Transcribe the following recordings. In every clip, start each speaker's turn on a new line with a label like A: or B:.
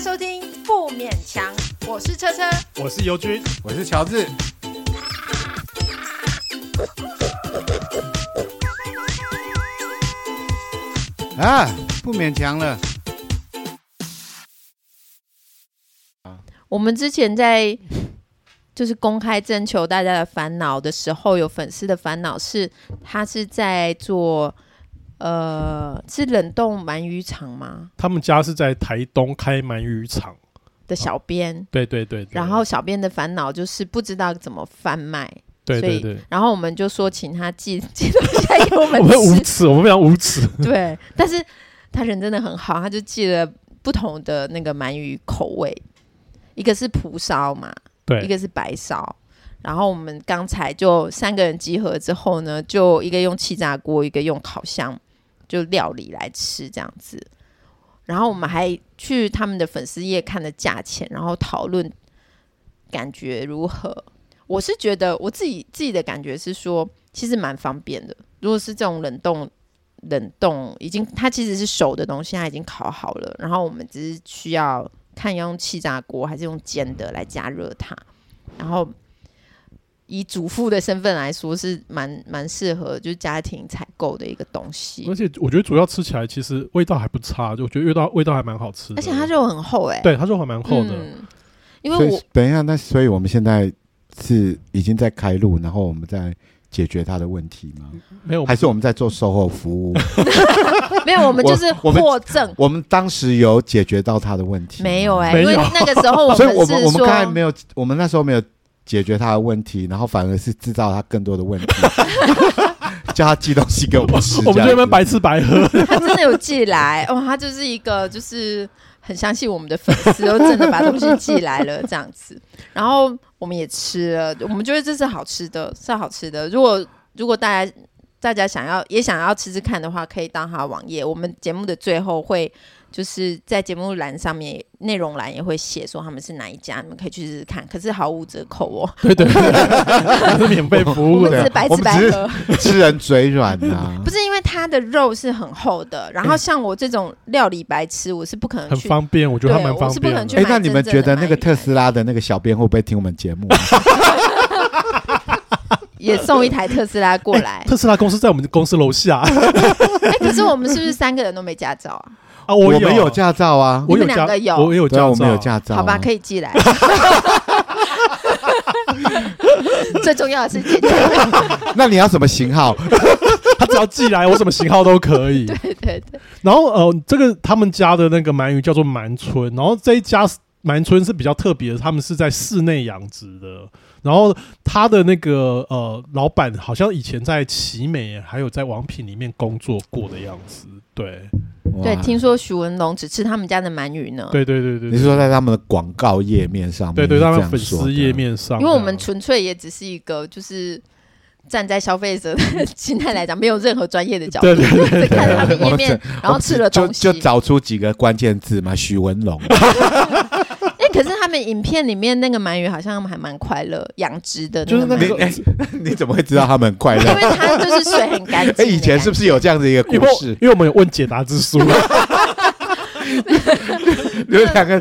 A: 收聽不勉強，我是車車，
B: 我是油君，我是喬治。
A: 啊，不勉強了。 我們之前在就是公開徵求大家的煩惱的時候，有粉絲的煩惱是，他是在做。呃，是冷凍鰻魚場嗎？
B: 他們家是在台東開鰻魚場
A: 的小編，啊、對，對對對。然後小編的煩惱就是不知道怎麼販賣，對對對。所以然後我們就說，請他寄寄一下給我們吃。我們無
B: 恥，我們非常無恥。 對，
A: 但是他人真的很好，他就寄了不同的那個鰻魚口味，一個是蒲燒嘛，對，一個是白燒。然後我們剛才就三個人集合之後呢，就一個用氣炸鍋，一個用烤箱。就料理來吃這樣子，然後我們還去他們的粉絲頁看了價錢，然後討論感覺如何。我是覺得我自己自己的感覺是說，其實蠻方便的。如果是這種冷凍冷凍，已經它其實是熟的東西，它已經烤好了，然後我們只是需要看要用氣炸鍋還是用煎的來加熱它，然後。以主婦的身份來說，是蠻蠻適合，就是家庭採購的一個東西。
B: 而且我覺得主要吃起來，其實味道還不差，就我覺得味道味道還蠻好吃。而且它肉很厚誒、欸，對，它肉還蠻厚的、嗯。因為
A: 我
C: 等一下，那所以我們現在是已經在開路，然後我們在解決它的問題嗎？沒、嗯、有，還是我們在做售後服務？
A: 沒有，我們就是獲贈我
C: 我。我們當時有解決到它的問題，沒有誒、欸，因為那個時候我們是說我們，我們我們剛才沒有，我們那時候沒有。解決他的問題，然後反而是制造他更多的問題， 叫他寄東西給我們吃 我們
A: 這邊白吃白喝。他真的有寄來， 哦，他就是一個就是很相信我們的粉絲，然後真的把東西寄來了這樣子， 然後我們也吃了，我們覺得這是好吃的，是好吃的。如果如果大家大家想要也想要吃吃看的話，可以當他網頁，我們節目的最後會。就是在節目欄上面，內容欄也會寫說他們是哪一家，你們可以去試試看。可是毫無折扣哦、喔。對對，對， 是免費服務的。我們只是白吃白喝，吃人嘴軟吶、啊。 不是因為它的肉是很厚的，然後像我這種料理白痴、欸，我是不可能去。很方
C: 便，我覺得他蠻方便。哎、欸、那你們覺得那個特斯拉的那個小編會不會聽我們節目？
A: 也送一台特斯拉過來、
C: 欸。特斯拉公司在我們公司樓下。
A: 哎、 欸，可是我們是不是三個人都沒駕照啊？
C: 啊，我我啊，我，我沒有駕照啊，我有，我也有駕，我沒有駕照。好吧，
A: 可以寄來。 最重要的是
C: 寄來。那你要什麼型號？ 他只要
B: 寄來，我什麼型號都可以。
A: 對
B: 對對，對。然後呃，這個他們家的那個鰻魚叫做鰻村，然後這一家鰻村是比較特別的，他們是在室內養殖的。然後他的那個呃老闆好像以前在奇美還有在王品裡面工作過的樣子，對。對，
A: 聽說許文龍只吃他們家的鰻魚呢？對，
C: 對對對對，你是說在他們的廣告頁面上？對對，對，他們粉絲
B: 頁面上。
A: 因為我們純粹也只是一個，就是站在消費者的心態來講，沒有任何專業的角度，只 看他們頁面，然後吃了東西就，就找
C: 出幾個關鍵字嘛，許文龍。
A: 欸、可是他們影片裡面那個鰻魚好像還蠻快樂，養殖的。就是那個
C: 你、欸，你怎麼會知道他們很快樂？ 因為它就
A: 是水很乾淨。
C: 欸、以前是不是有這樣的一個故事因？因為我們有問解答之書。
A: 你
C: 們兩個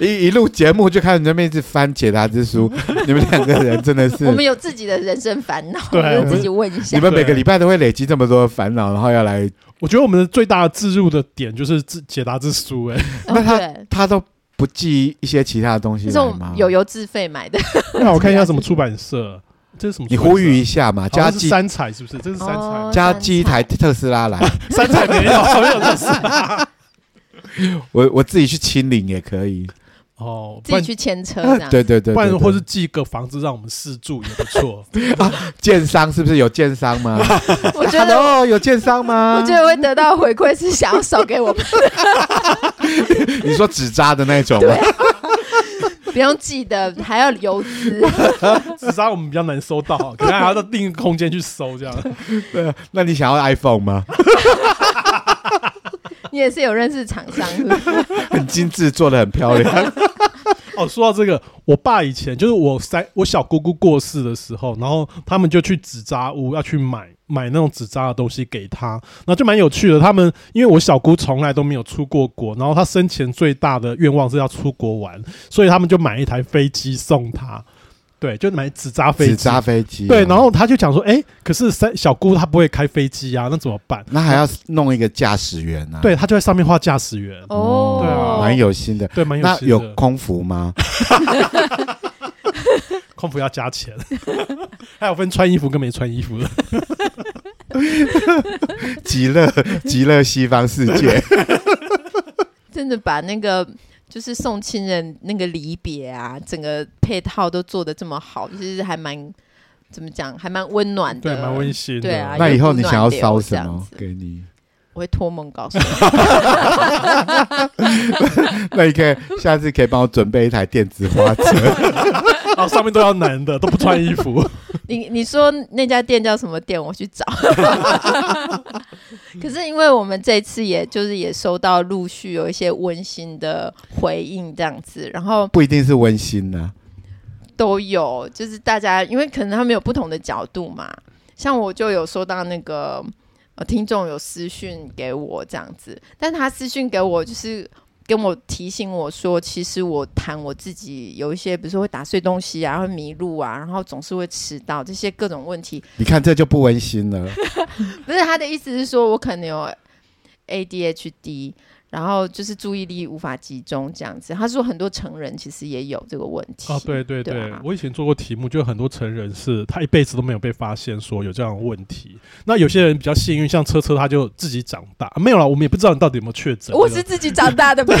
C: 一一錄節目就開始在那邊翻解答之書， 你們兩個人真的是。我們
A: 有自己的人生煩惱，對啊就是，自己問一下。你們每個禮
C: 拜都會累積這麼多煩惱，然後要來。
B: 我覺得我們的最大的置入的點就是自解答之書，欸，
A: 哎， 那他
C: 他都。不寄一些其他的東西這嗎？這種
A: 有油自費買的。
B: 那
C: 我看一下什麼出版社，這是什麼？你呼籲一下嘛？加寄三彩是不是？這是三彩？哦、加寄一台特斯拉來，三彩， 三彩沒有， 沒有，沒有特斯拉。 我我自己去清理也可以。哦，自己去牽車這樣，對對對，對，對，對，對，不然
B: 或是寄個房子讓我們試
C: 住也不錯、 啊。建商是不是，有建商嗎？ 我覺得哦， 有建
A: 商嗎？我覺得我會得到回饋是想要燒給我們。
C: 你說紙扎的那種嗎、
A: 啊？不用寄的，還要郵資。
B: 紙 扎 我們比較難收到，可能還要到定空間去收這樣。 對、
C: 啊，那你想要 iPhone 嗎？
A: 你也是有認識廠商是不是？
B: 很精緻，
C: 做得很漂亮。
B: 哦，說到這個，我爸以前就是我三，我小姑姑過世的時候，然後他們就去紙紮屋，要去買買那種紙紮的東西給他。然後就蠻有趣的。他們因為我小姑從來都沒有出過國，然後她生前最大的願望是要出國玩，所以他們就買一台飛機送她。對，就買紙
C: 紮飛機。紙紮飛機、啊。對，
B: 然後他就講說：“哎、欸，可是三小姑她不會開飛機啊，那怎麼
C: 辦？那還要弄一個駕駛員啊？”
B: 對，他就在上面畫駕駛員。哦，
C: 對啊，蠻有心的。對，蠻有心的。那有空服嗎？
B: 空服要加錢， 還有分穿衣服跟沒穿衣服的。
A: 極 樂， 極樂西方
C: 世界。
A: 真的把那個。就是送親人那個離別啊，整個配套都做的這麼好，其實還蠻怎麼講，還蠻溫暖的，對，蠻溫馨的。對啊，那以後你想要燒什
C: 麼，給你，
A: 我會托夢告訴你。那你可以
C: 下次可以幫我準備一台電子花車。 哦，上面都要男的， 都不穿衣服
A: 你。你你說那家店叫什麼店？我去找。 可是因為我們這次也，也就是也收到陸續有一些溫馨的回應，這樣子，然後
C: 不一定是溫馨呢、啊，
A: 都有，就是大家因為可能他們有不同的角度嘛。像我就有收到那個呃、哦、聽眾有私訊給我這樣子，但他私訊給我就是。跟我提醒我說，其實我談我自己有一些，比如說會打碎東西啊，會迷路啊，然後總是會遲到，這些各種問題。
C: 你看，這就不溫馨了
A: 不 是他的意思是說，我可能有 ADHD。然後就是注意力無法集中這樣子，他說很多成人其實也有這個問題。啊、哦，對對對、
B: 對、啊，我以前做過題目，就很多成人是他一輩子都沒有被發現說有這樣的問題。那有些人比較幸運，像車車，他就自己長大、啊、沒有啦。我們也不知道你到底有沒有確診。我是自己長大的。不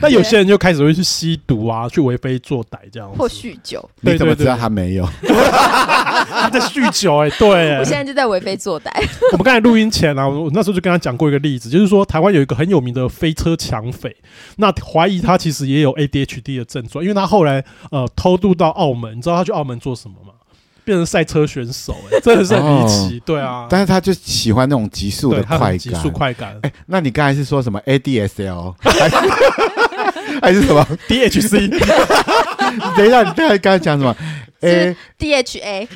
B: 那 有些人就開始會去吸毒啊，去為非作歹這樣，或
A: 酗酒，你怎麼
B: 知道他沒有？ 他在酗酒哎、欸，對、欸。我現
A: 在就在為非作歹。 我
B: 們剛才錄音前啊，我那時候就跟他講過一個例子，就是說台灣有一個很有名的飛車搶匪，那懷疑他其實也有 ADHD 的症狀，因為他後來呃偷渡到澳門，你知道他去澳門做什麼嗎？變成賽車選手，欸，哎，真的是很離奇，哦。對啊，但
C: 是他就喜歡那種急速的快感。速快感。哎、欸，那你剛才是說什麼？ADSL 還是 還是什麼？DHC？等一下，你剛才剛才講什麼 a
A: 是 d h a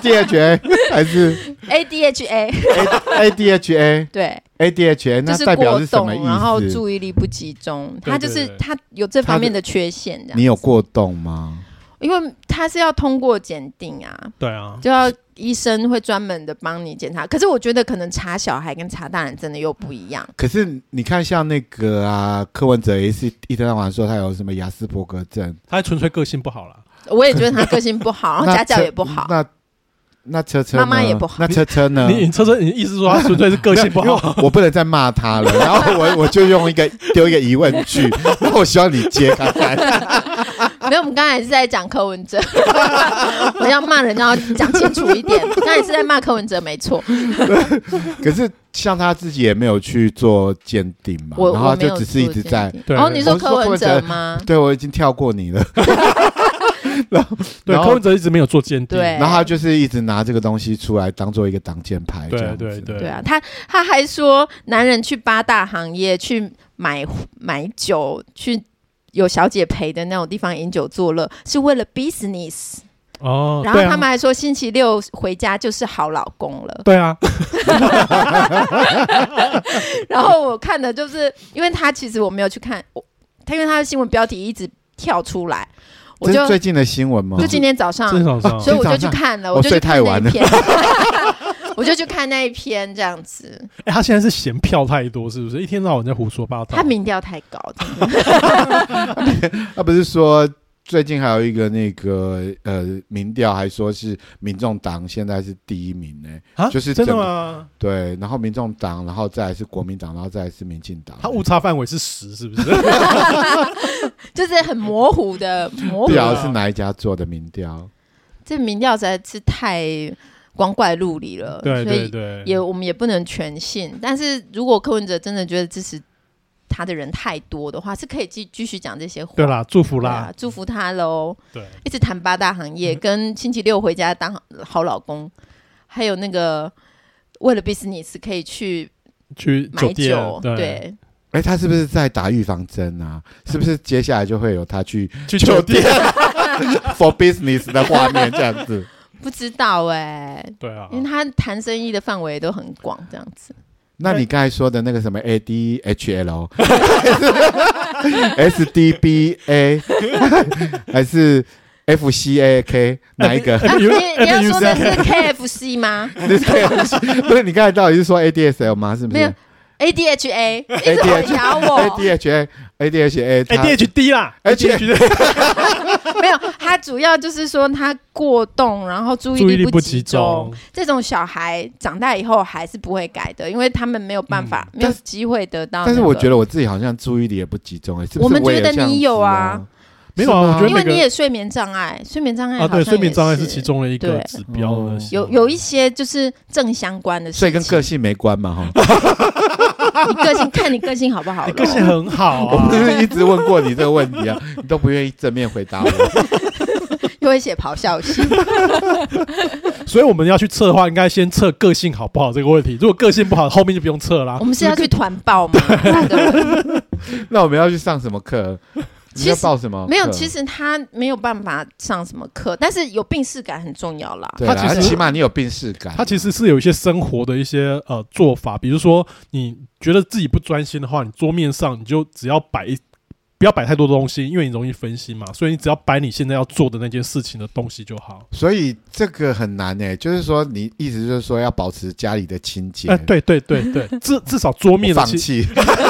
C: d h a 還是
A: ADHA？ADHA
C: 對 ADHA，那代表是什麼意思，就是、過動然後注
A: 意力不集中，嗯、對對對對，他就是他有這方面的缺陷這樣，
C: 你有過動嗎？
A: 因為他是要通過檢定啊，對啊，就要醫生會專門的幫你檢查。可是我覺得可能查小孩跟查大人真的又不一樣。嗯、
C: 可是你看像那個啊柯文哲也是，一天到晚說他有什麼亞斯伯格症，
B: 他純粹個性不好啦。
A: 我也覺得他個性不好， 然後家教也不好。那。那
C: 那車車媽媽也不好，那車車呢？你，你車車，你意思說他純粹是個性不好？ 因為我不能再罵他了，然後我 我就用一個丟一個疑問句，我希望你接他來。
A: 沒有，我們剛才是在講柯文哲， 我要罵人家要講清楚一點。剛才是在罵柯文哲，沒錯。
C: 可是像他自己也沒有去做鑑定嘛定，然後就只是一直在。對對對，然後哦，你說柯文哲，柯文哲嗎？對，我已經跳過你了。 然後，對，柯文哲一直沒有做艦隊，然後他就是一直拿這個東西出來當做一個擋箭牌，這
A: 樣子。對，對，對，對啊，他他還說，男人去八大行業去買買酒，去有小姐陪的那種地方飲酒作樂，是為了 business 哦。然後他們還說，對啊，星期六回家就是好老公了。對啊。 然後我看的就是，因為他其實我沒有去看我，他因為他的新聞標題一直跳出來。我就最近
C: 的新聞嗎？就今天早上、啊，所以我就去看了，啊、我，睡太晚
A: 了，我就去看那一 我就去看那一篇這
B: 樣子、欸。他現在是嫌票太多，是不是？一天到晚在胡說八道。他
A: 民調太高。 他
C: 不是說。最近還有一個那個呃民調還說是民眾黨現在是第一名呢、欸，就是真的嗎？對，然後民眾黨，然後再來是國民黨，然後再來是民進黨、欸，它誤差範圍是十，是不
A: 是？ 就是很模糊的， 模糊、對啊。是
C: 哪一家做的民調、
A: 啊？這民調實在是太光怪陸離了，對對對，所以也我們也不能全信。但是如果柯文哲真的覺得支持。他的人太多的話，是可以繼繼續講這些話。對
B: 啦，祝福啦，啊、祝福他嘍。對，
A: 一直談八大行業、嗯，跟星期六回家當好老公，嗯、還有那個為了 business 可以去買酒去酒店。對，哎、欸，他是
C: 不是在打預防針啊、嗯？是不是接下來就會有他去去酒店，去酒店 for business 的畫面這樣子？
A: 不知道哎、欸。對啊，因為他談生意的範圍都很廣，這樣子。
C: 那你剛才說的那個什麼 A D H L，S D B A 還是 F C A K、啊、哪一個、啊你？你要說的是 K
A: F C 嗎？就是 K F-C，不
C: 是，你剛才到底是說 A D S L 嗎？
A: 是不是 A D H A 一直
C: 咬我 A D H A。A ADHD，ADHD 啦，ADHD，ADHD
A: 沒有，他主要就是說他過動，然後注意，注意力不集中，這種小孩長大以後還是不會改的，因為他們沒有辦法，嗯、沒有機會得到、那個但。但是我覺得
C: 我自己好像注意力也不集中。欸，是不是我？我們覺得你
A: 有啊，沒有啊？我覺得因為你也睡眠障礙，睡眠障礙啊，對，睡眠
B: 障礙是其中的一個指標，嗯。
A: 有有一些就是正相關的事
B: 情，
C: 所以跟個性沒關嘛，哈。
A: 你個性看你個性好不好？哦，你個性很
C: 好我、啊、我不是一直問過你這個問題啊，你都不願意正面回答我。
A: 又會寫咆哮信。
B: 所以我們要去測的話，應該先測個性好不好這個問題。如果個性不好，後面就不用測啦。我們是要去
A: 團報嗎？ 個問題 那
B: 我
C: 們要去上什麼課？你要報什麼？沒有，其
A: 實他沒有辦法上什麼課，但是有病識感很重要啦。他
C: 其實起碼你有病識感，他
B: 其實是有一些生活的一些呃做法，比如說你覺得自己不專心的話，你桌面上你就只要擺，不要擺太多東西，因為你容易分心嘛。所以你只要擺你現在要做的那件事情的
C: 東西就好。所以這個很難哎、欸，就是說你意思就是說要保持家裡的清潔。哎、欸，對對對對， 至至少桌面上氣。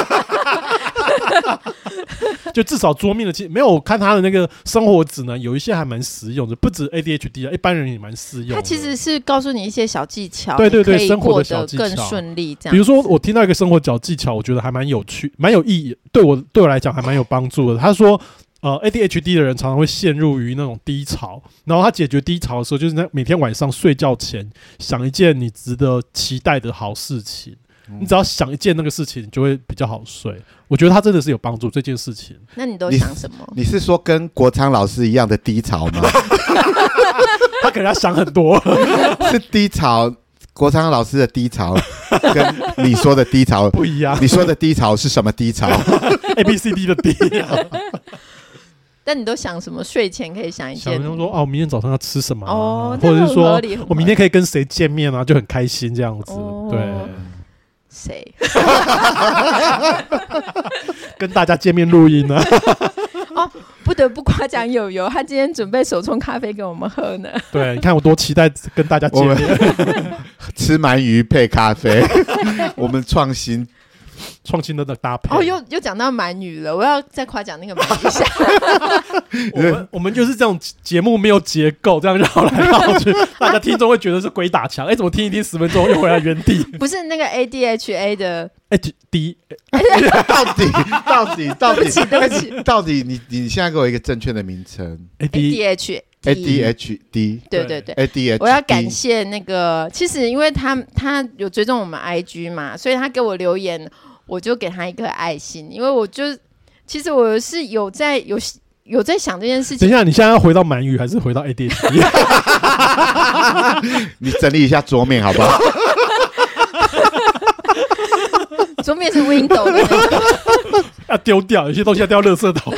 B: 就至少桌面的，其實沒有，我看他的那個生活指南，有一些還蠻實用的，不止 ADHD 啊，一般人也蠻適用的。他其
A: 實是告訴你一些小技巧，對對對，生活的小技巧。更順利，這樣。比如說，
B: 我聽到一個生活小技巧，我覺得還蠻有趣，蠻有意義，對我對我來講還蠻有幫助的。他說，呃，ADHD 的人常常會陷入於那種低潮，然後他解決低潮的時候，就是那每天晚上睡覺前想一件你值得期待的好事情。你只要想一件那個事情，你就會比較好睡。我覺得他真的是有幫
C: 助這件事情。
A: 那你都想什麼？你，
C: 你是說跟國昌老師一樣的低潮嗎？ 他可能要想很多。 是低潮，國昌老師的低潮跟你說的低潮不一樣。你說的低潮是什麼低潮
B: ？A B C D 的低。
A: 但你都想什麼？睡前可以想一件。
B: 想說哦、啊，我明天早上要吃什麼、啊？哦，或者是說我明天可以跟誰見面啊？就很開心這樣子。哦、對。
A: 誰？
B: 跟大家見面錄音呢、
A: 啊 哦，不得不誇獎油油，他今天準備手沖咖啡給我們喝呢。
B: 對，你 看我多期待跟大家
C: 見面， 吃鰻魚配咖啡， 我們創新。創新的的搭配
A: 哦，又又講到鰻魚了，我要再誇獎那個鰻魚一下。
B: 我們我們就是這種節目沒有結構，這樣繞來繞去，大家聽眾會覺得是鬼打牆。哎、啊欸，怎麼聽一聽十分鐘又回來原地？
A: 不是那個 ADHA -D ADHA 的 AD 到
C: 底到底到底到底你你現在給我一個正確的名稱？ADHD
A: ADHD, ADHD,
C: ADHD 對對對 ADHD 我要感謝
A: 那個，其實因為他他有追蹤我們 IG 嘛，所以他給我留言。我就給他一個愛心，因為我就其實我是有在有有在想這件事情。等一下，
B: 你現在要回到鰻魚還是回到
C: ADSL 你整理一下桌面，好不好？
A: 桌面是 Windows，要丟、 啊、
C: 掉，有些東西要丟垃圾桶。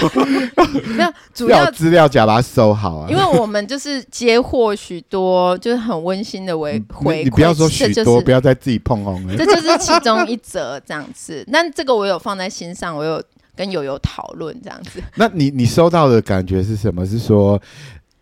C: 沒
A: 有，主要資
C: 料夾把它收好啊。因為
A: 我們就是接獲許多，就是很溫馨的回回饋你,你不要說許多、就是，不
C: 要再自己碰哦。這就是其
A: 中一則這樣子，那 這個我有放在心上，我有跟油油討論這樣子。
C: 那你你收到的感覺是什麼？是說？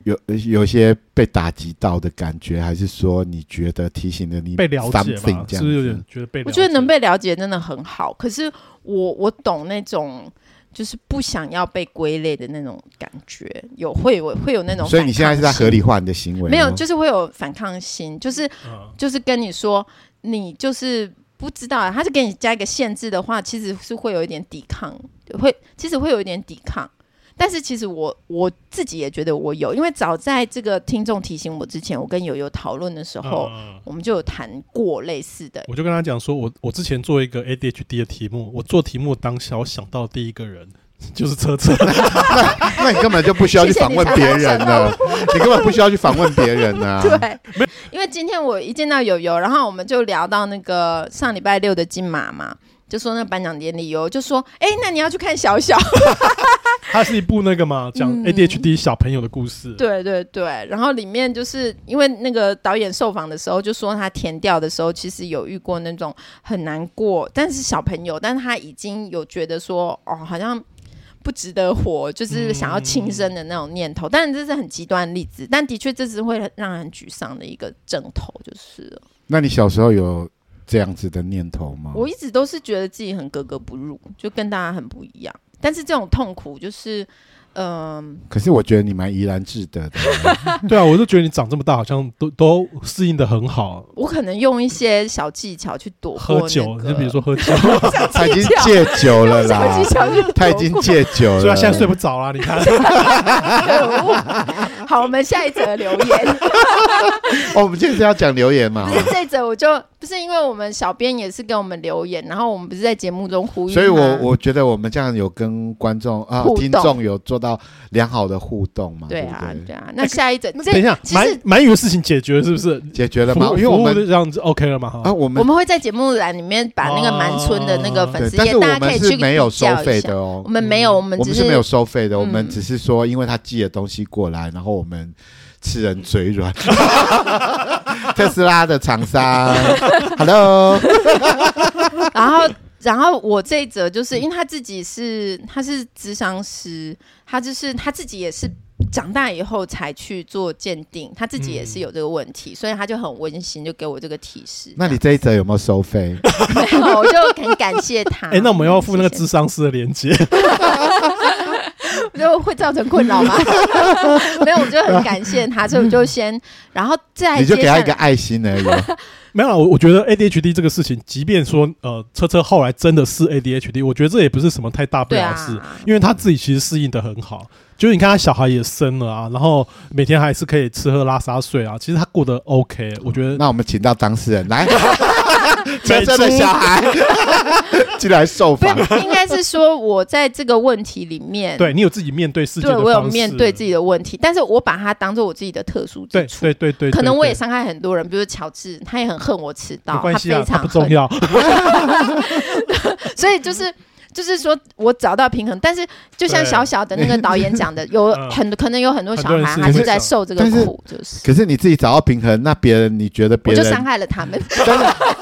C: 有有些被打擊到的感覺，還是說你覺得提醒了你 something 這樣？被了解嗎？
B: 是不是有點覺得被？我覺得能
A: 被了解真的很好。可是我我懂那種，就是不想要被歸類的那種感覺，有會會有那種反抗心。所以你現在是在合理
C: 化你的行為？嗯？沒有，就
A: 是會有反抗心，就是就是跟你說，你就是不知道、啊，他是給你加一個限制的話，其實是會有一點抵抗，會其實會有一點抵抗。但是其實我我自己也覺得我有，因為早在這個聽眾提醒我之前，我跟油君討論的時候、嗯，我們就有談過類似的。
B: 我就跟他講說，我我之前做一個 ADHD 的題目，我做題目當下，我想到第一個人
C: 就是車車。 那那你根本就不需要去訪問別人呢、啊，謝謝你，想想 你根本不需要去訪問別人呢、啊。
A: 對，因為今天我一見到油君，然後我們就聊到那個上禮拜六的金馬嘛，就說那頒獎典禮，有就說，哎、欸，那你要去看小小。
B: 它是一部那個嗎？講 ADHD 小朋友的故事、嗯。
A: 對對對，然後裡面就是因為那個導演受訪的時候就說，他田調的時候其實有遇過那種很難過，但是小朋友，但是他已經有覺得說哦，好像不值得活，就是想要輕生的那種念頭。嗯、但這是很極端的例子，但的確這是會讓人沮喪的一個症頭，就是。
C: 那你小時候有這樣子的念頭嗎？我
A: 一直都是覺得自己很格格不入，就跟大家很不一樣。但是這種痛苦就是，嗯、呃，
C: 可是我覺得你蠻怡然自得的，
B: 對， 對啊，我都覺得你長這麼大好像都都適應得很好。
A: 我可能用一些小技巧去躲、那個、喝酒，
B: 就比如說喝酒， 小技巧 他已經戒酒了啦，他已
C: 經戒酒了，所以他現在睡不着了， 你看，
A: 好，我們下一則留言。
C: 我們今天要講留言嘛，
A: 這則我就。不是因為我們小編也是跟我們留言，然後我們不是在節目中呼籲，所以我我
C: 覺得我們這樣有跟觀眾啊聽眾有做到良好的互動嘛？對啊，對啊。那
A: 下一整，欸，等一下，其實鰻
C: 鰻魚的事情解決是不是？解決了嗎？因為我們這樣子 OK 了嗎？啊，我們我們
A: 會在節目欄裡面把那個鰻村的那個粉絲也大家可以去了解一下。我們沒有，我們，就是，我們是沒有收費的。我們
C: 只是說，因為他寄的東西過來，然後我們吃人嘴軟。嗯 特斯拉的廠商 ，Hello。 然後，
A: 然後我這一則就是因為他自己是他是諮商師，他就是他自己也是長大以後才去做鑑定，他自己也是有這個問題，嗯、所以他就很溫馨，就給我這個提示。
C: 那你這一則有沒有收費？
A: 沒有，我就很感謝他。哎、欸，
C: 那我們要付那個諮商師的連結。謝謝
A: 就會造成困擾嗎？ 沒有，我就很感謝他，啊、所以我就先，然後再，你就給他一個
C: 愛心而已。 有沒有， 沒有我我覺得 ADHD
B: 這個事情，即便說呃，車車後來真的是 ADHD，我覺得這也不是什麼太大不了的事，因為他自己其實適應的很好。就是你看，他小孩也生了啊，然後每天還是可以吃喝拉撒睡啊，其實他過得 OK、嗯。我覺得那我們請到當事人來。
A: 真正的小孩
B: 進 來受罰，不應
A: 該是說我在這個問題裡面，對
B: 你有自己面對事情，對我有面對自
A: 己的問題，但是我把它當做我自己的特殊之
B: 處，對對對，對，對可能我
A: 也傷害很多人，比如喬治，他也很恨我遲到，啊，他非常他不重要， 所以就是就是說我找到平衡，但是就像小小的那個導演講的，有很、 嗯、可能有很多小孩還是他是在受這個苦，是就是，
C: 是可是你自己找到平衡，那別人你覺得別人我就傷
A: 害了他們。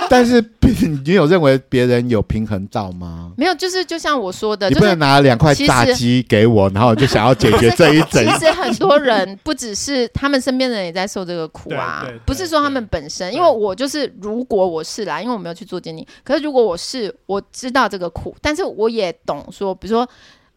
A: 但是，
C: 你有認為別人有平衡到嗎？
A: 沒有，就是就像我說的，就是、你不能拿兩塊炸雞
C: 給我，然後我就想要解決這一整。其實
A: 很多人不只是他們身邊的人也在受這個苦啊， 不是說他們本身。因為我就是，如果我是啦，因為我沒有去做經理，可是如果我是，我知道這個苦，但是我也懂說，比如說。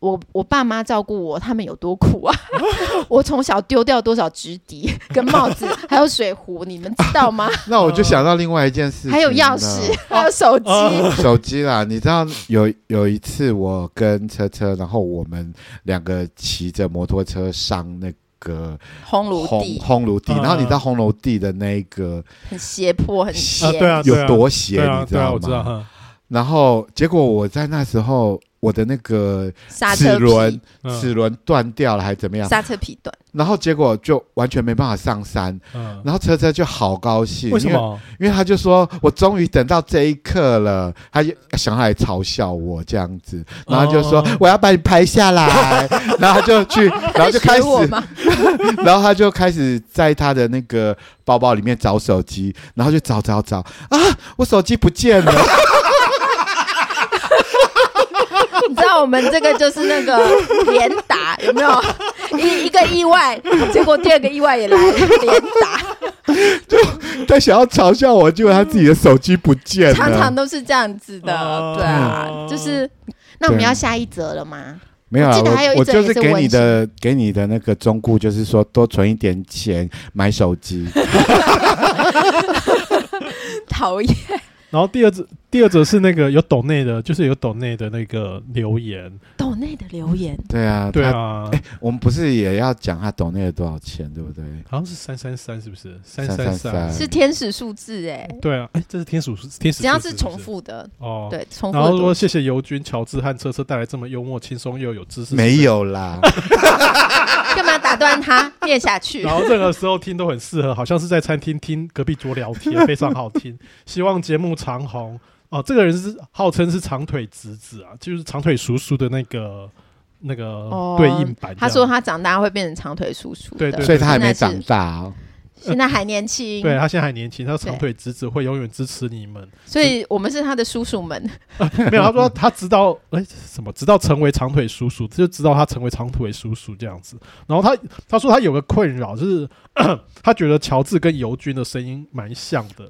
A: 我我爸媽照顧我，他們有多苦啊！ 我從小丟掉多少紙笛、跟帽子， 還有水壺，你們知道嗎、啊？
C: 那我就想到另外一件事、啊，還有鑰匙，
A: 還有手機、啊啊。手
C: 機啦，你知道有有一次我跟車車，然後我們兩個騎着摩托車上那個烘爐烘爐地。然後你知道烘爐地的那個
A: 很斜坡，很斜、啊，對啊，有多斜，
C: 你知道嗎？然後結果我在那時候，我的那個剎車皮齒輪斷掉了，還怎麼樣？剎車皮斷。然後結果就完全沒辦法上山。嗯。然後車車就好高興，為什麼？因為，因為他就說我終於等到這一刻了，他就想要來嘲笑我這樣子，然後他就說，哦啊，我要把你拍下來， 然後他就去，然後就開始， 然後他就開始在他的那個包包裡面找手機，然後就找找找，啊，我手機
A: 不見了。 我們這個就是那個連打，有沒有一一,一個意外，結果第二個意外也來連打。
C: 他 想要嘲笑我，結果他自己的手機不見了。常常
A: 都是這樣子的，哦、對啊，嗯、就是那我們要下一則了嗎？沒有啊，我就是給你的
C: 給你的那個忠告，就是說多存一點錢買手機。
A: 討厭。然後第二者，第二
B: 者是那個有抖內的，就是有抖內的那個留言。
A: 抖內的留言、嗯，對啊，對啊。哎、
C: 欸，我們不是也要講他抖內的多少錢，對不對？好
B: 像是三三三，是不是？三三三，
A: 是天使數字哎、欸。
B: 對啊，哎，這是天使數天使數字是不是。只要是重
A: 複的哦，對，重複的。然後說
B: 謝謝油君、喬治和車車帶來這麼幽默、輕鬆
C: 又有知識是不是。沒有啦。
A: 幹嘛打斷他？念下去。 然後任何
B: 時候聽都很適合，好像是在餐廳聽隔壁桌聊天，非常好聽。希望節目長紅哦、呃。這個人是號稱是長腿侄子啊，就是長腿叔叔的那個
C: 那個對應版、哦。他
A: 說他長大會變成長腿叔叔，對，對，對，所以他
C: 還沒長大，哦。
A: 現在還年輕，對，他現在還年輕，他長腿
B: 侄子會永遠支持你們，
A: 所以我們是他的叔叔們。呃、沒有，他說他直到
B: 哎什麼，直到成為長腿叔叔，他就直到他成為長腿叔叔這樣子。然後他他說他有個困擾，就是咳咳他覺得喬治跟油君的聲音蠻像的，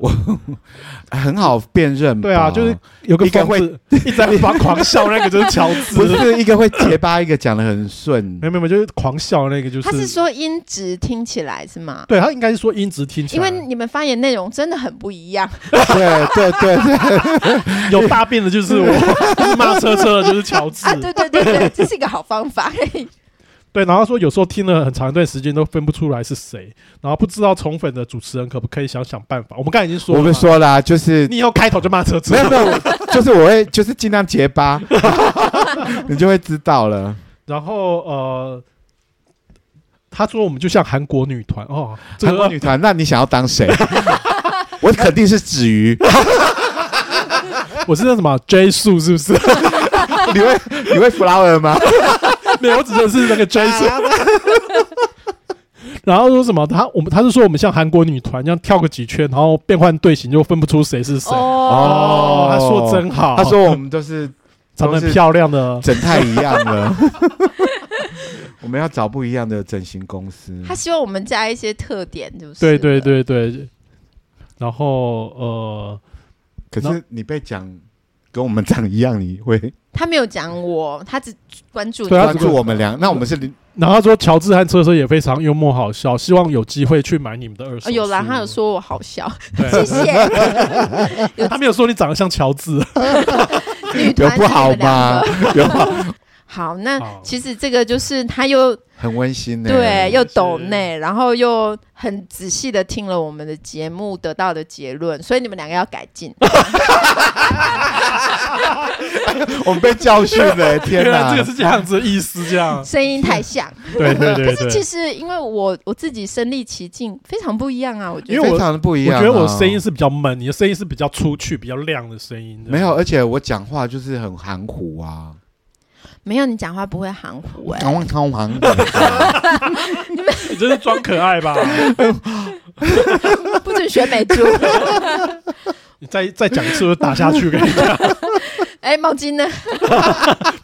B: 很好辨
C: 認。對啊，就是有個會一個會
B: 一在發狂笑那個就是喬治， 不是一個會
C: 結巴，一個講的很順。沒有沒有，就是狂笑那個就是。他是
A: 說音質聽起來是嗎？
B: 對，他應該是。說音質聽起來，因
A: 為你們發言內容真的很不一樣。
B: 對對對，對 有大病的就是我，罵 車車的 就是喬治。啊、對
A: 對對，對，對這是一個好方法。
B: 對，然後說有時候聽了很長一段時間都分不出來是誰，然後不知道寵粉的主持人可不可以想想辦法？我們剛才已經說了，我們說了、
C: 啊，就是你以後開頭
B: 就罵車車， 沒有沒有，就是
C: 我會就是儘量結巴， 你就會知道
B: 了。 然後呃。他說：“我們就像韓國女團哦，
C: 這個、韓國女團，那你想要當誰？ 我肯定是子瑜 我是那什麼 J 素是不是？ 你會你會 flower 嗎？
B: 沒有，我指的是那個 J 素、 啊。啊、 然後說什麼？他我們他是說我們像韓國女團一樣跳個幾圈，然後變換隊形就分不出誰是誰哦，哦。他
C: 說真好，他說我們都是長得漂亮的整太一樣了。 ” 我們要找不一樣的整形公司。他
A: 希望我們加一些特點，就是。對對
C: 對對。然後呃，可是你被講跟我們長一樣，你會？
A: 他沒有講我，他只關注他只關注我
C: 們倆、嗯。那我們是，
B: 然後說喬治和車車也非常幽默好笑，希望有機會去買你們的二手、哦。有啦，他
A: 有說我好笑，謝謝。 他沒有說
B: 你
C: 長得像喬治。
A: 有不好嗎？ 有不好。好，那其實這個就是他又
C: 很溫馨呢，對，又
A: 抖內，然後又很仔細的聽了我們的節目得到的結論，所以你們兩個要改進
C: 哎。我們被教訓了， 天哪，這個是這樣
B: 子的意思，這樣聲
A: 音太像。對對對，對，但 是其實因為我我自己身歷其境非，啊，非常不一樣啊，我覺得非
C: 常不一樣。我覺得我聲
B: 音是比較悶，你的聲音是比較出去、比較亮的聲音。
C: 沒有，而且我講話就是很含糊啊。
A: 沒有，你講話不會含糊，
C: 哎、欸。嗯、 你，你真
B: 是裝可愛吧？
A: 不准學美豬。
B: 你再再講是不
C: 是打下去？跟 你
A: 講們。哎、 欸，毛巾呢？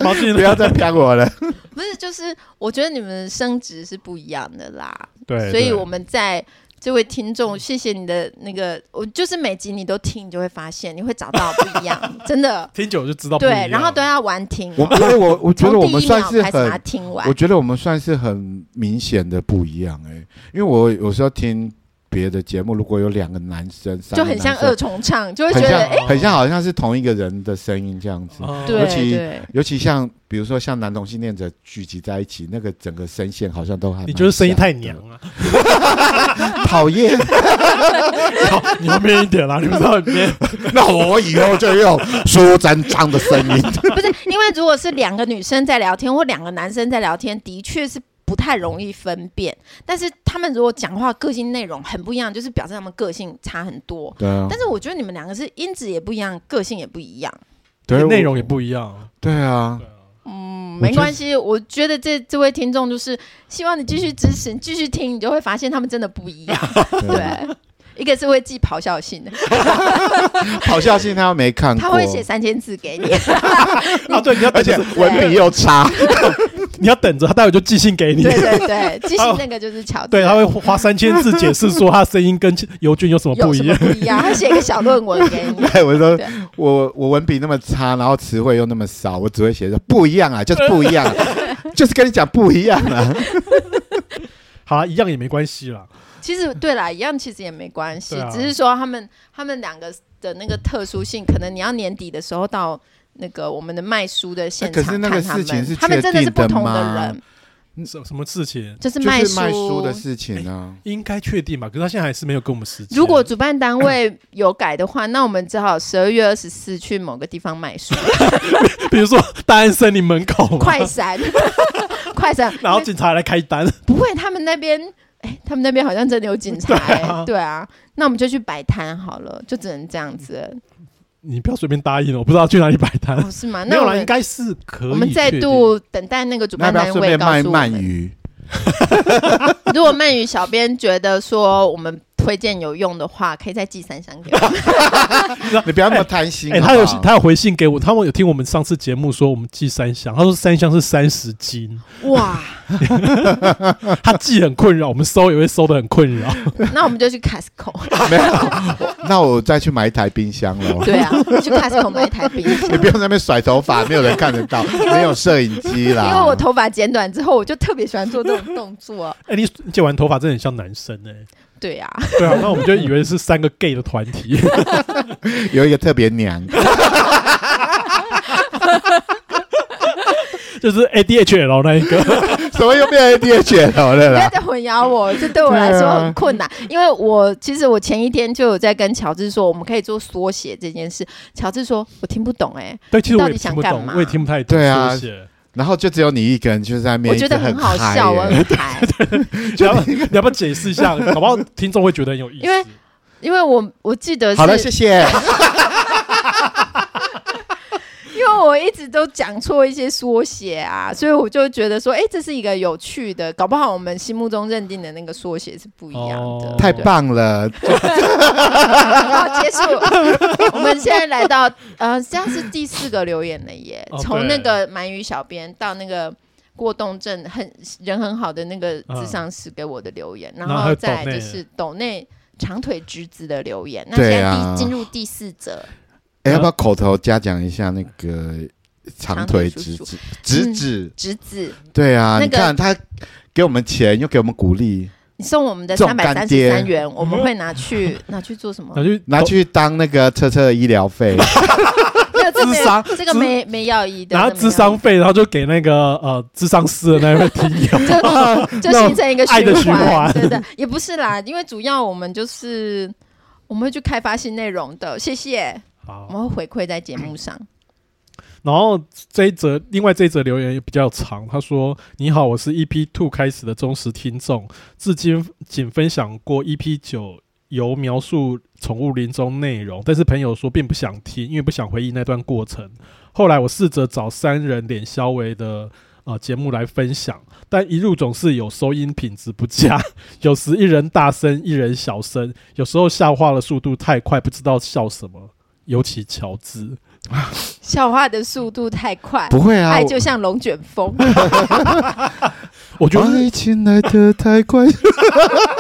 A: 毛 巾不要再騙我了。 不是，就是我覺得你們升職是不一樣的啦。對。所以我們在。這位聽眾，謝謝你的那個，我就是每集你都聽，你就會發現，你會找到不一樣， 真的。
B: 聽久就知道不一樣。對，然後都
A: 要完聽。我 我覺得我們算是很 聽完。我
C: 覺得我們算是很明顯的不一樣、欸，哎，因為我有時候聽。別的節目如果有兩個男生，就很像二重唱，就會覺得很像，欸、很像好像是同一個人的聲音這樣子。對、哦，尤其尤其像，比如說像男同性戀者聚集在一起，那個整個聲線好像都還。你就是聲音太娘了、啊， 討厭， 要變一點啦，你們都很、啊、 那我以後就用蘇貞昌的聲音。
A: 不是因為如果是兩個女生在聊天，或兩個男生在聊天，的確是。不太容易分辨，但是他們如果講話個性內容很不一樣，就是表示他們個性差很多。對啊、但是我覺得你們兩個是音質也不一樣，個性也不一樣，
B: 對內容也不一樣。對啊。對啊嗯，沒關係。
A: 我覺得這這位聽眾就是希望你繼續支持，嗯、繼續聽，你就會發現他們真的不一樣。 對。 一個是會寄咆哮信的 ，
C: 咆哮信他又沒看過， 他會寫
A: 三千字給你。 你笑啊，對，你要而且文筆又差，
B: 你要等着他，待會就寄信給你。對對對，
A: 寄信那個就是喬。 對，他會花三千字解釋說他的
C: 聲音跟油君有什麼不一樣。不
A: 一樣， 他寫個小論文給你
C: 哎，我說我我文筆那麼差，然後詞彙又那麼少，我只會寫說不一樣啊，就是不一樣啊， 就是跟你講不一樣啊。 好、啊，一樣也沒關係了。
A: 其實對啦，一樣其實也沒關係、 啊，只是說他們他們兩個的那個特殊性，可能你要年底的時候到那個我們的賣書的現場看他們。啊、可是那個事情是確定的嗎？他們真的是
B: 不同的人什什麼事情、
A: 就是賣？就是賣書的
C: 事情啊，
A: 欸、應該
B: 確定吧？可是他現在還是
C: 沒有跟我們時間。如
A: 果主辦單位有改的話，嗯、那我們只好十二月二十四去某個地方賣書，
B: 比如說大安森林門口 快閃
A: 閃。 快閃、啊，然後
B: 警察來開單
A: 不會，他們那邊，哎、欸，他們那邊好像真的有警察對、啊。對啊，那我們就去擺攤好了，就只能這樣子。
B: 你不要隨便答應了，我不知道去哪裡擺攤。不、哦、是
A: 嗎？那我們應該是可以。我們再度等待那個主辦單位告訴我們。要不要賣
C: 魚
A: 如果鰻魚小編覺得說我們。推薦有用的話，可以再寄三箱給我。
C: 你不要那麼貪心
B: 好不好。哎、欸欸，他有他有回信給我，他們有聽我們上次節目說我們寄三箱，他說三箱是三十斤。哇！
C: 他寄很困擾，我們收也會收得很困擾。
A: 那我們就去 Costco。 沒有，
C: 那我再去買一台冰箱了。 對啊，去 Costco 買一台冰箱。 你不用在那邊甩頭髮，沒有人看得到， 沒有攝影機啦。因為我
A: 頭髮剪短之後，我就特別喜歡做這種
C: 動作、啊。哎、欸，你剪完頭髮真的很像男
B: 生哎、欸。對呀、啊， 對啊，那我們就以為是三個 gay 的團體， 有一個特別娘的， 就是 ADHL 那一個， 什麼又變 ADHL 了？不要再
A: 混淆我，這對我來說很困難，啊、因為我其實我前一天就有在跟喬治說，我們可以做縮寫這件事。喬治說我聽不懂哎、欸，其實我也不聽不懂到底想幹嘛？我
C: 也聽不太懂，對啊。然後就只有你一個人就是在面前很好笑台，很我很 對對對 你要不要， 你要不要解釋一下？ 好
B: 不好聽眾會覺得很有意
A: 思。因為因為我我記得是，好了謝謝。 我一直都講錯一些縮寫啊，所以我就覺得說，哎、欸，這是一個有趣的，搞不好我們心目中認定的那個縮寫是不
C: 一樣的。Oh、對太棒
A: 了，然後結束。 我們現在來到呃，這樣是第四個留言了耶，從、oh, 那個鰻魚小編到那個過動症很人很好的那個智商師給我的留言，oh, 然後再來就是抖內 長腿橘子的留言。那現在進入第四者。
C: 欸、要不要口頭嘉獎一下那個長腿侄子，子？侄子，侄子、嗯，對啊，那個、你看他給我們錢又給我們鼓勵。你送我們的三百三十三元，
A: 我們會拿去、嗯、拿去做什麼？拿去、哦、拿去
C: 當那個車車的醫療費 。
A: 這個智商，這個沒沒藥醫的。
C: 然後智商費、這個，然後就給那個呃
B: 智商師的那位聽友， 就形成一個愛的循環。 對的，
A: 也不是啦，因為主要我們就是我們會去開發新內容的。謝謝。啊，我們會回饋在節目上。
B: 然後這一則，另外這一則留言也比較長。他說：“你好，我是 EP Two 開始的忠實聽眾，至今僅分享過 EP 九，由描述寵物臨終內容。但是朋友說並不想聽，因為不想回憶那段過程。後來我試着找三人臉肖維的啊節、呃、目來分享，但一路總是有收音品質不佳，有時一人大聲，一人小聲，有時候笑話的速度太快，不知道笑什麼。”尤其喬治，
A: 笑話的速度太快，不會啊，愛就像龍捲風。我，
C: 我覺得愛情來得太快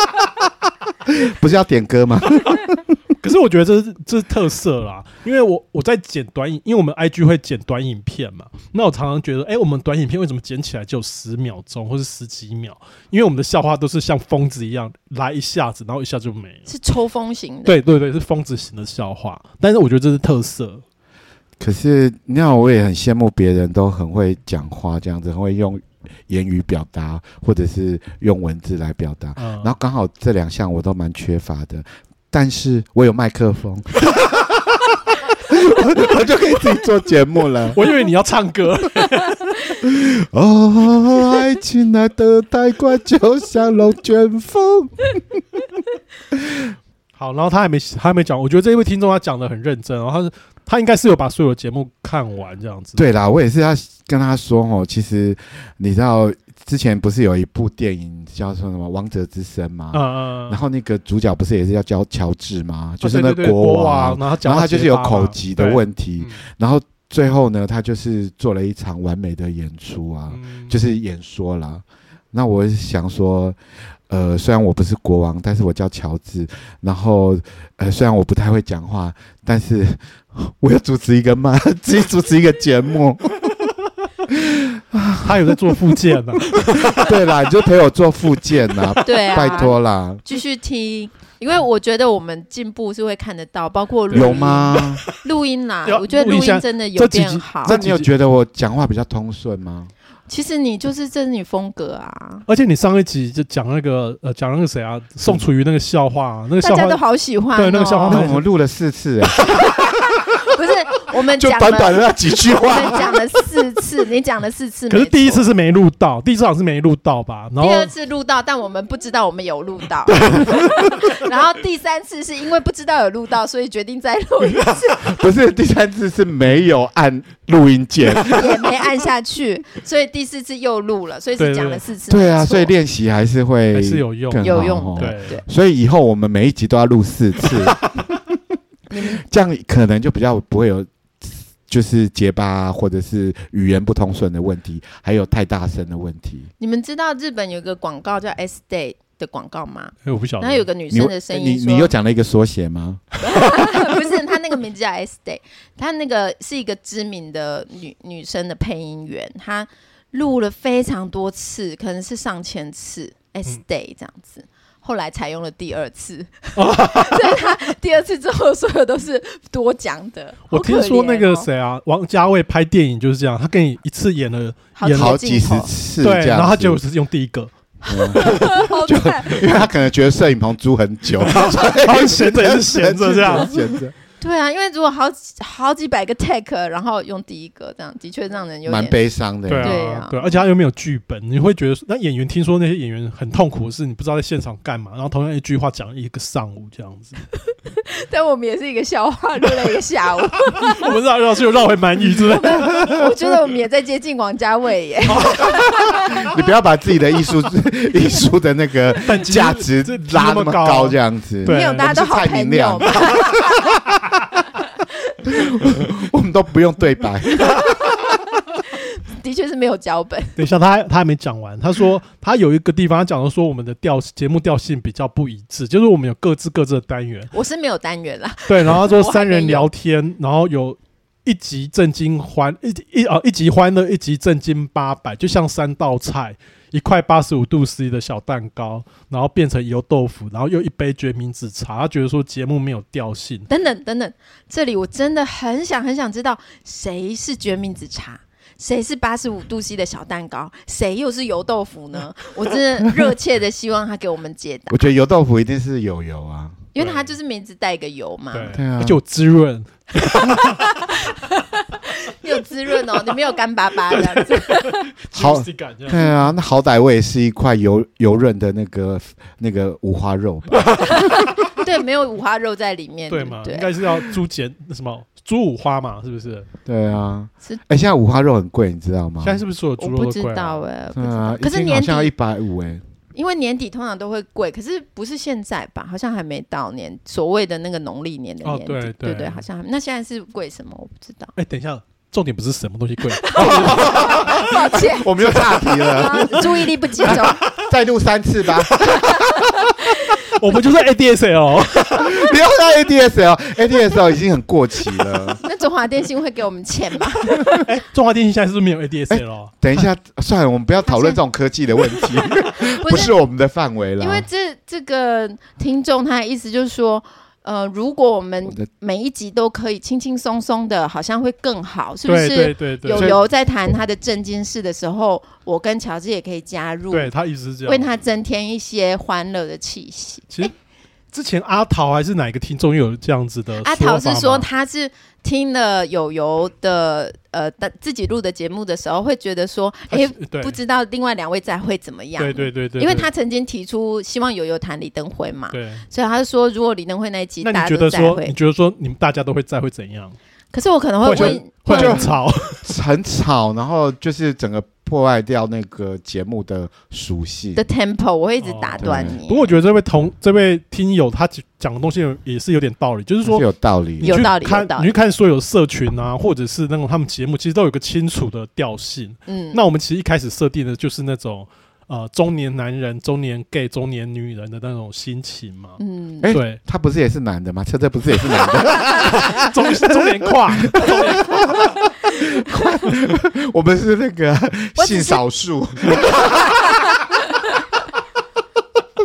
C: 不是要點歌嗎？
B: 可是我覺得這是這是特色啦，因為我我在剪短影，因為我們 IG 會剪短影片嘛。那我常常覺得，哎、欸，我們短影片為什麼剪起來就十秒鐘或是十幾秒？因為我們的笑話都是像瘋子一樣來一下子，然後一下就沒
A: 了，是抽風型的。對
B: 對對，是瘋子型的笑話。但是我覺得這是特色。
C: 可是你那我也很羨慕別人，都很會講話，這樣子很會用言語表達，或者是用文字來表達、嗯。然後剛好這兩項我都蠻缺乏的。但是我有麥克風 我就可以自己做節目了。 我以為你要唱歌。哦，愛情來得太快，就像龍捲風
B: 好，然後他還沒他還沒講，我覺得這一位聽眾他講得很認真，哦，然後他是他應該是有把所有的節目看完這樣子。
C: 對啦，我也是要跟他說哦，其實你知道。之前不是有一部電影叫什麼《王者之聲》嗎？Uh, 然後那個主角，不是也是要叫喬治嗎？Uh, 就是那個國王，uh, 對對對，國王然。然後他就是有口疾的問題。然後最後呢、嗯，他就是做了一場完美的演出啊，嗯、就是演說了、嗯。那我想說，呃，雖然我不是國王，但是我叫喬治。然後，呃，雖然我不太會講話，但是我要主持一個嘛， 自己主持一個節目。 他有在做復健呢，對啦，你就陪我做復健吶，對啊，拜託啦，
A: 繼續聽，因為我覺得我們進步是會看得到，包括錄音，有嗎？錄音啊，我覺得錄音真的有變好。那你有覺
C: 得我講話比較通順嗎？
A: 其實你就是這是你風格啊，
B: 而且你上一集就講那個呃，講那個誰啊，宋楚瑜那個笑話，啊，那個笑話大家都好喜歡，哦，對那個笑話，那我們錄了四次啊，欸，
A: 不是。我們就短短的那幾句話， 我們講了四次， 你講了四次。可是第一次
B: 是沒錄到，第一次好像是沒錄到吧？然後第二次
A: 錄到，但我們不知道我們有錄到。 對 然後第三次是因為不知道有錄到，所以決定再錄一次。
C: 不是，第三次是沒有按錄音鍵， 也
A: 沒按下去，所以第四次又錄了，所以是講了四次。對，對，對，對啊，所以練習
C: 還是會還是有用的有用的。對，對，所以以後我們每一集都要錄四次， 這樣可能就比較不會有。就是結巴或者是語言不通順的問題，還有太大聲的問題。
A: 你們知道日本有個廣告叫 S Day 的廣告嗎？欸，我不曉得。然後有個女生的聲音，你你,你又講
C: 了一個縮寫嗎？
A: 不是，他那個名字叫 S Day，他那個是一個知名的女女生的配音員，他錄了非常多次，可能是上千次 S Day 這樣子。後來採用了第二次，哦、 所以他第二次之後，所有都是多講的。 哦、我聽說
B: 那個誰啊，王家衛拍電影就是這樣，他跟你一次演了好演了好幾十
C: 次，對，然後他就只是用第一個、
B: 嗯
A: 就，因為他
C: 可能覺得攝影棚租很久，然後閒着也是閒着這樣。
A: 對啊，因為如果好幾好幾百個 take，然後用第一個這樣，的確讓人有蠻悲傷的對、啊對啊。
C: 對啊，對，而且他又沒
B: 有劇本，你會覺得那演員聽說那些演員很痛苦的是，你不知道在現場幹嘛。然後同樣一句話講一個上午這樣子，
A: 但我們也是一個笑話，錄了一個下午。
C: 我們繞繞是繞回蠻語是不是？
A: 我覺得我們也在接近王家衛耶。
C: 你不要把自己的藝術藝術的那個價值 這那拉那麼高，這樣子對，沒有，大家都好明亮
A: 吧。
C: 我們都不用對白
A: 的確是沒有腳本。等
C: 一下，
B: 他還他還沒講完。他說他有一個地方，他講的說我們的調節目調性比較不一致，就是我們有各自各自的單元。
A: 我是沒有單元啦。對，然後他說三人聊
B: 天， 然後有一集正經歡一一啊一、呃、一集歡樂，一集正經八百，就像三道菜。一塊八十五度 C 的小蛋糕，然後變成油豆腐，然後又一杯決明子茶。他覺得說節目沒有調性。
A: 等等等等，這裡我真的很想很想知道，誰是決明子茶，誰是八十五度 C 的小蛋糕，誰又是油豆腐呢？我真的熱切的希望他給我們解答。
C: 我覺得油豆腐一定是有油，油啊，
A: 因為它就是名字帶一個油嘛。對，對啊，就滋潤。 又滋潤哦， 你沒有乾巴巴這樣
C: 子。 好，對啊，那好歹我也是一塊油油潤的那個那個五花肉吧。
A: 對，沒有五花肉在裡面。對嘛？對對應該是要
B: 豬肩那什麼豬五花嘛，是不是？
C: 對啊。是。哎、欸，現在五花肉很貴，你知道嗎？現在是不是所有豬肉貴、啊？我不知道哎、欸。啊。可是年底好像要一百五
A: 哎。因為年底通常都會貴，可是不是現在吧？好像還沒到年所謂的那個農曆年的年、哦、對,對,對對不對？好像還沒那現在是貴什麼？我不知道。
B: 哎、欸，等一下。重點不是什麼東西貴，抱
C: 歉、 啊，我們又岔題了、啊，注意力不集中，啊、再錄三次吧。 我們就是 ADSL， 不要說 ADSL，ADSL ADSL 已經很過期了。
A: 那中華電信會給我們錢嗎？哎、 欸，
C: 中華電信現在是不是沒有 ADSL、欸、等一下， 算了，我們不要討論這種科技的問題， 不
A: 是，不是
C: 我們的範圍了。因為
A: 這這個聽眾他的意思就是說。呃，如果我們每一集都可以輕輕鬆鬆的，好像會更好，是不是？有油在談他的正經事的時候，對對對，我跟喬治也可以加入，他為他增添一些歡樂的氣息。
B: 之前阿桃還是哪一個聽眾有這樣子的？阿桃是說，
A: 他是聽了油君的呃自己錄的節目的時候，會覺得說，哎，不知道另外兩位在會怎麼樣？對對，對對對對。因為他曾經提出希望油君談李登輝嘛，對。所以他是說，如果李登輝那一集，那你覺得說，
C: 你覺得說你們大家都在會在，會，會怎樣？
A: 可是我可能會問會，很，會很吵
C: 很吵，然後就是整個。破壞掉那個節目的熟悉。The
A: tempo，我會一直打斷你。
C: Uh，不過我覺得這位同這位
B: 聽友他講的東西也是有點道理，就是說是有道理，看，有道理有道理。你去看，你去看所有社群啊，或者是那種他們節目其實都有個清楚的調性。嗯，那我們其實一開始設定的就是那種呃中年男人、中年 gay、中年女人的那種心情嘛。嗯，哎，
C: 他不是也是男的嗎？車車不是也是男的？中
B: 中年跨中年跨。 中年
C: 我們是那個性少數。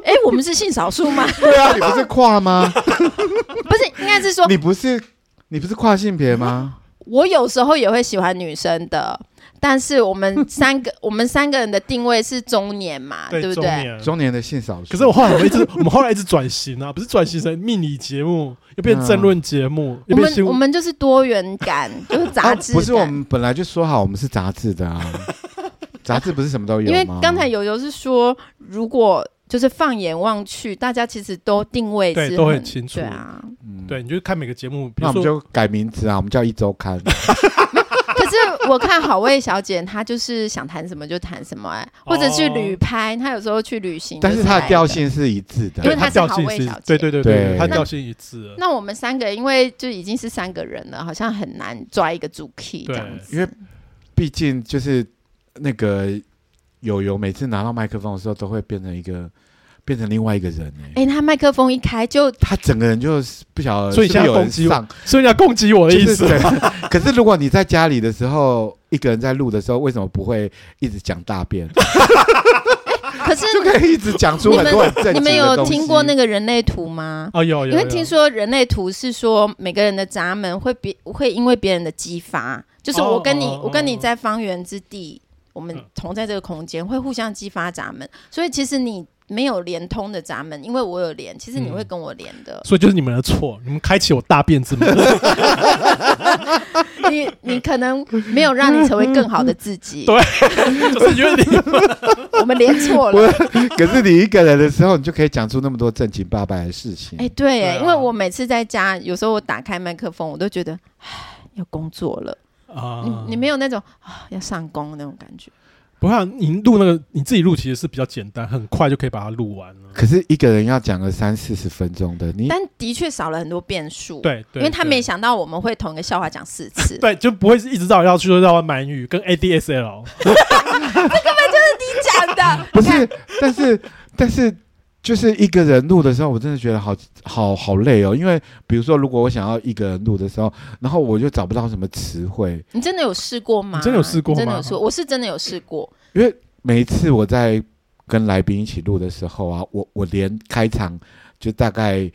A: 哎，我們是性少數嗎？對啊，
C: 你不是跨嗎？
A: 不是，應該是說
C: 你不是你不是跨性別嗎？
A: 我有時候也會喜歡女生的。但是我們三個， 我們三個人的定位是中年嘛，對，對不對？
C: 中年的性少數。可是我後來一直，我們後來一直轉
B: 型啊， 不是轉型成命理節目，又變政論節目。嗯、新我們我們
A: 就是多元感， 就是雜誌、啊。不是我們
C: 本來就說好，我們是雜誌的啊， 雜誌不是什麼都有嗎？因為剛
A: 才油油是說，如果就是放眼望去，大家其實都定位對，都很清楚，對啊，嗯，
B: 對，你就看每個節目比如說。那我們就
C: 改名字啊，我們叫壹週刊。
A: 我看好位小姐，她， 就是想談什麼就談什麼，啊，或者去旅拍，她、哦、有時候去旅行。但是她的調性是一致的，因為她調性是一致，對對對
C: 對，對，對，她調
B: 性一
A: 致那。那我們三個因為就已經是三個人了，好像很難抓一個主 key 這樣子。因為
C: 畢竟就是那個友友，有有每次拿到麥克風的時候都會變成一個。變成另外一個人呢？
A: 欸、哎、欸，他麥克風一開就
C: 他整個人就不曉得，所以有人上，所以要攻擊我的意思。就是、 可是如果你在家裡的時候，一個人在錄的時候，為什麼不會一直講大便？ 欸、可是就可以一直講出很多很正經的東西。你，們你們有聽過
A: 那個人類圖嗎？啊、哦，有，因為聽說人類圖是說每個人的閘門會別會因為別人的激發，就是我跟你、哦我，跟你哦、我跟你在方圓之地、嗯，我們同在這個空間會互相激發閘門，所以其實你沒有連通的閘門，因為我有連，其實你會跟我連的，嗯、所以就
B: 是你們的錯，你們開啟我大便之門，
A: 你你可能沒有讓你成為更好的自己，可嗯嗯、對， 就是因為你們 我們連錯了，
C: 可是你一個人的時候，你就可以講出那麼多正經八百的事情，哎、欸，對、對、啊，因
A: 為我每次在家，有時候我打開麥克風，我都覺得唉，要工作了啊、uh...，你沒有那種啊要上工的那種感覺。
B: 不怕、啊、你錄那個，你自己錄其實是比較簡單，很快就可以把它錄完
C: 了。可是一個人要講個三四十分鐘的，你但
A: 的確少了很多變數對。對，因為他沒想到我們會同一個笑話講四次。
B: 對，就不會是一直到要去說要鰻魚跟 ADSL，那
C: 根
B: 本就
A: 是你講
C: 的。 不是，但 是但是。 但是 但是就是一個人錄的時候，我真的覺得好好好累哦。因為比如說，如果我想要一個人錄的時候，然後我就找不到什麼詞彙。
A: 你真的有試過嗎？真的有試過嗎？真的有試過？我是真的有試過。
C: 因為每一次我在跟來賓一起錄的時候啊，我我連開場就大概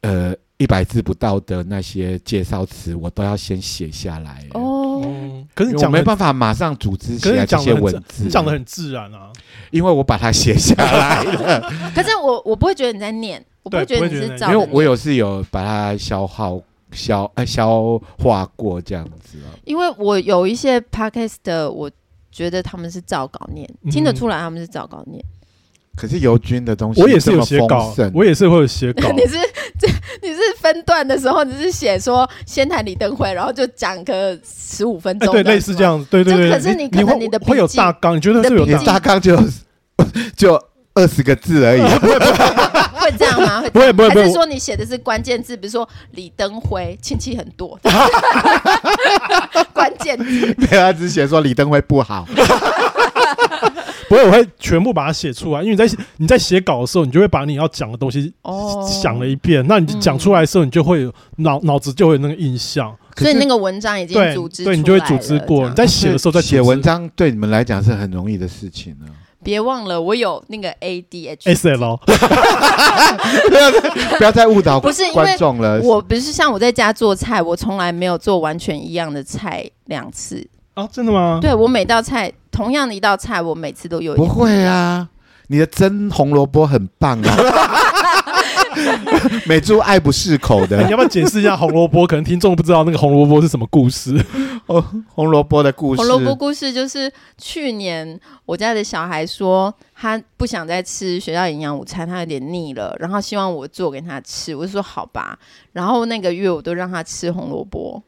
C: 呃一百字不到的那些介紹詞，我都要先寫下來哦。哦、嗯，可是你我沒辦法馬上組織起來這些文字，講得
B: 很自然啊，
C: 因為我把它寫下來了。
A: 可是我我不會覺得你在念，我不會覺得你是照，因為我有
C: 是有把它消耗消呃、啊、消化過這樣子啊。
A: 因為我有一些 podcast，我覺得他們是照稿念，嗯、聽得出來他們是照稿念。
C: 可是油君的東西，我也是有寫稿，我也是會有寫稿。
A: 你是， 你是分段的時候，你是寫說《先談李登輝》，然後就講個十五分鐘、哎，對，類似這樣
B: 子，對對對，對。可是你可能你的，筆記大綱，你覺得是大
C: 綱就就二十個字而已、
A: 啊， 不不不 不會這樣嗎？ 不會不會。還是說你寫的是關鍵字，比如說李登輝親戚很多， 關鍵字。
C: 對啊，只寫說李登輝不好。
B: 不會，我會全部把它寫出來，因為你在你在寫稿的時候，你就會把你要講的東西想、哦、了一遍。那你就講出來的時候，你就會、嗯、腦腦子就會有那個印象，所以那個
A: 文章已經組織。對，你就會組織過。
C: 你在寫的時候，在寫、寫文章，對你們來講是很容易的事情了、
A: 啊。別忘了，我有那個 ADHSL。 不要不要再誤導不是觀眾了。我不是像我在家做菜，我從來沒有做完全一樣的菜兩次哦、啊、真的嗎？對我每道菜。同樣的一道菜，我每次都有一點點。不會
C: 啊，你的蒸紅蘿蔔很棒啊， 美珠愛不釋口的。你、欸、要不要解釋一下紅蘿蔔？ 可能聽眾不知道那個紅蘿蔔是什麼故事。哦，紅蘿蔔的故事。紅蘿蔔
A: 故事就是去年我家的小孩說他不想再吃學校營養午餐，他有點膩了，然後希望我做給他吃。我就說好吧，然後那個月我都讓他吃紅蘿蔔。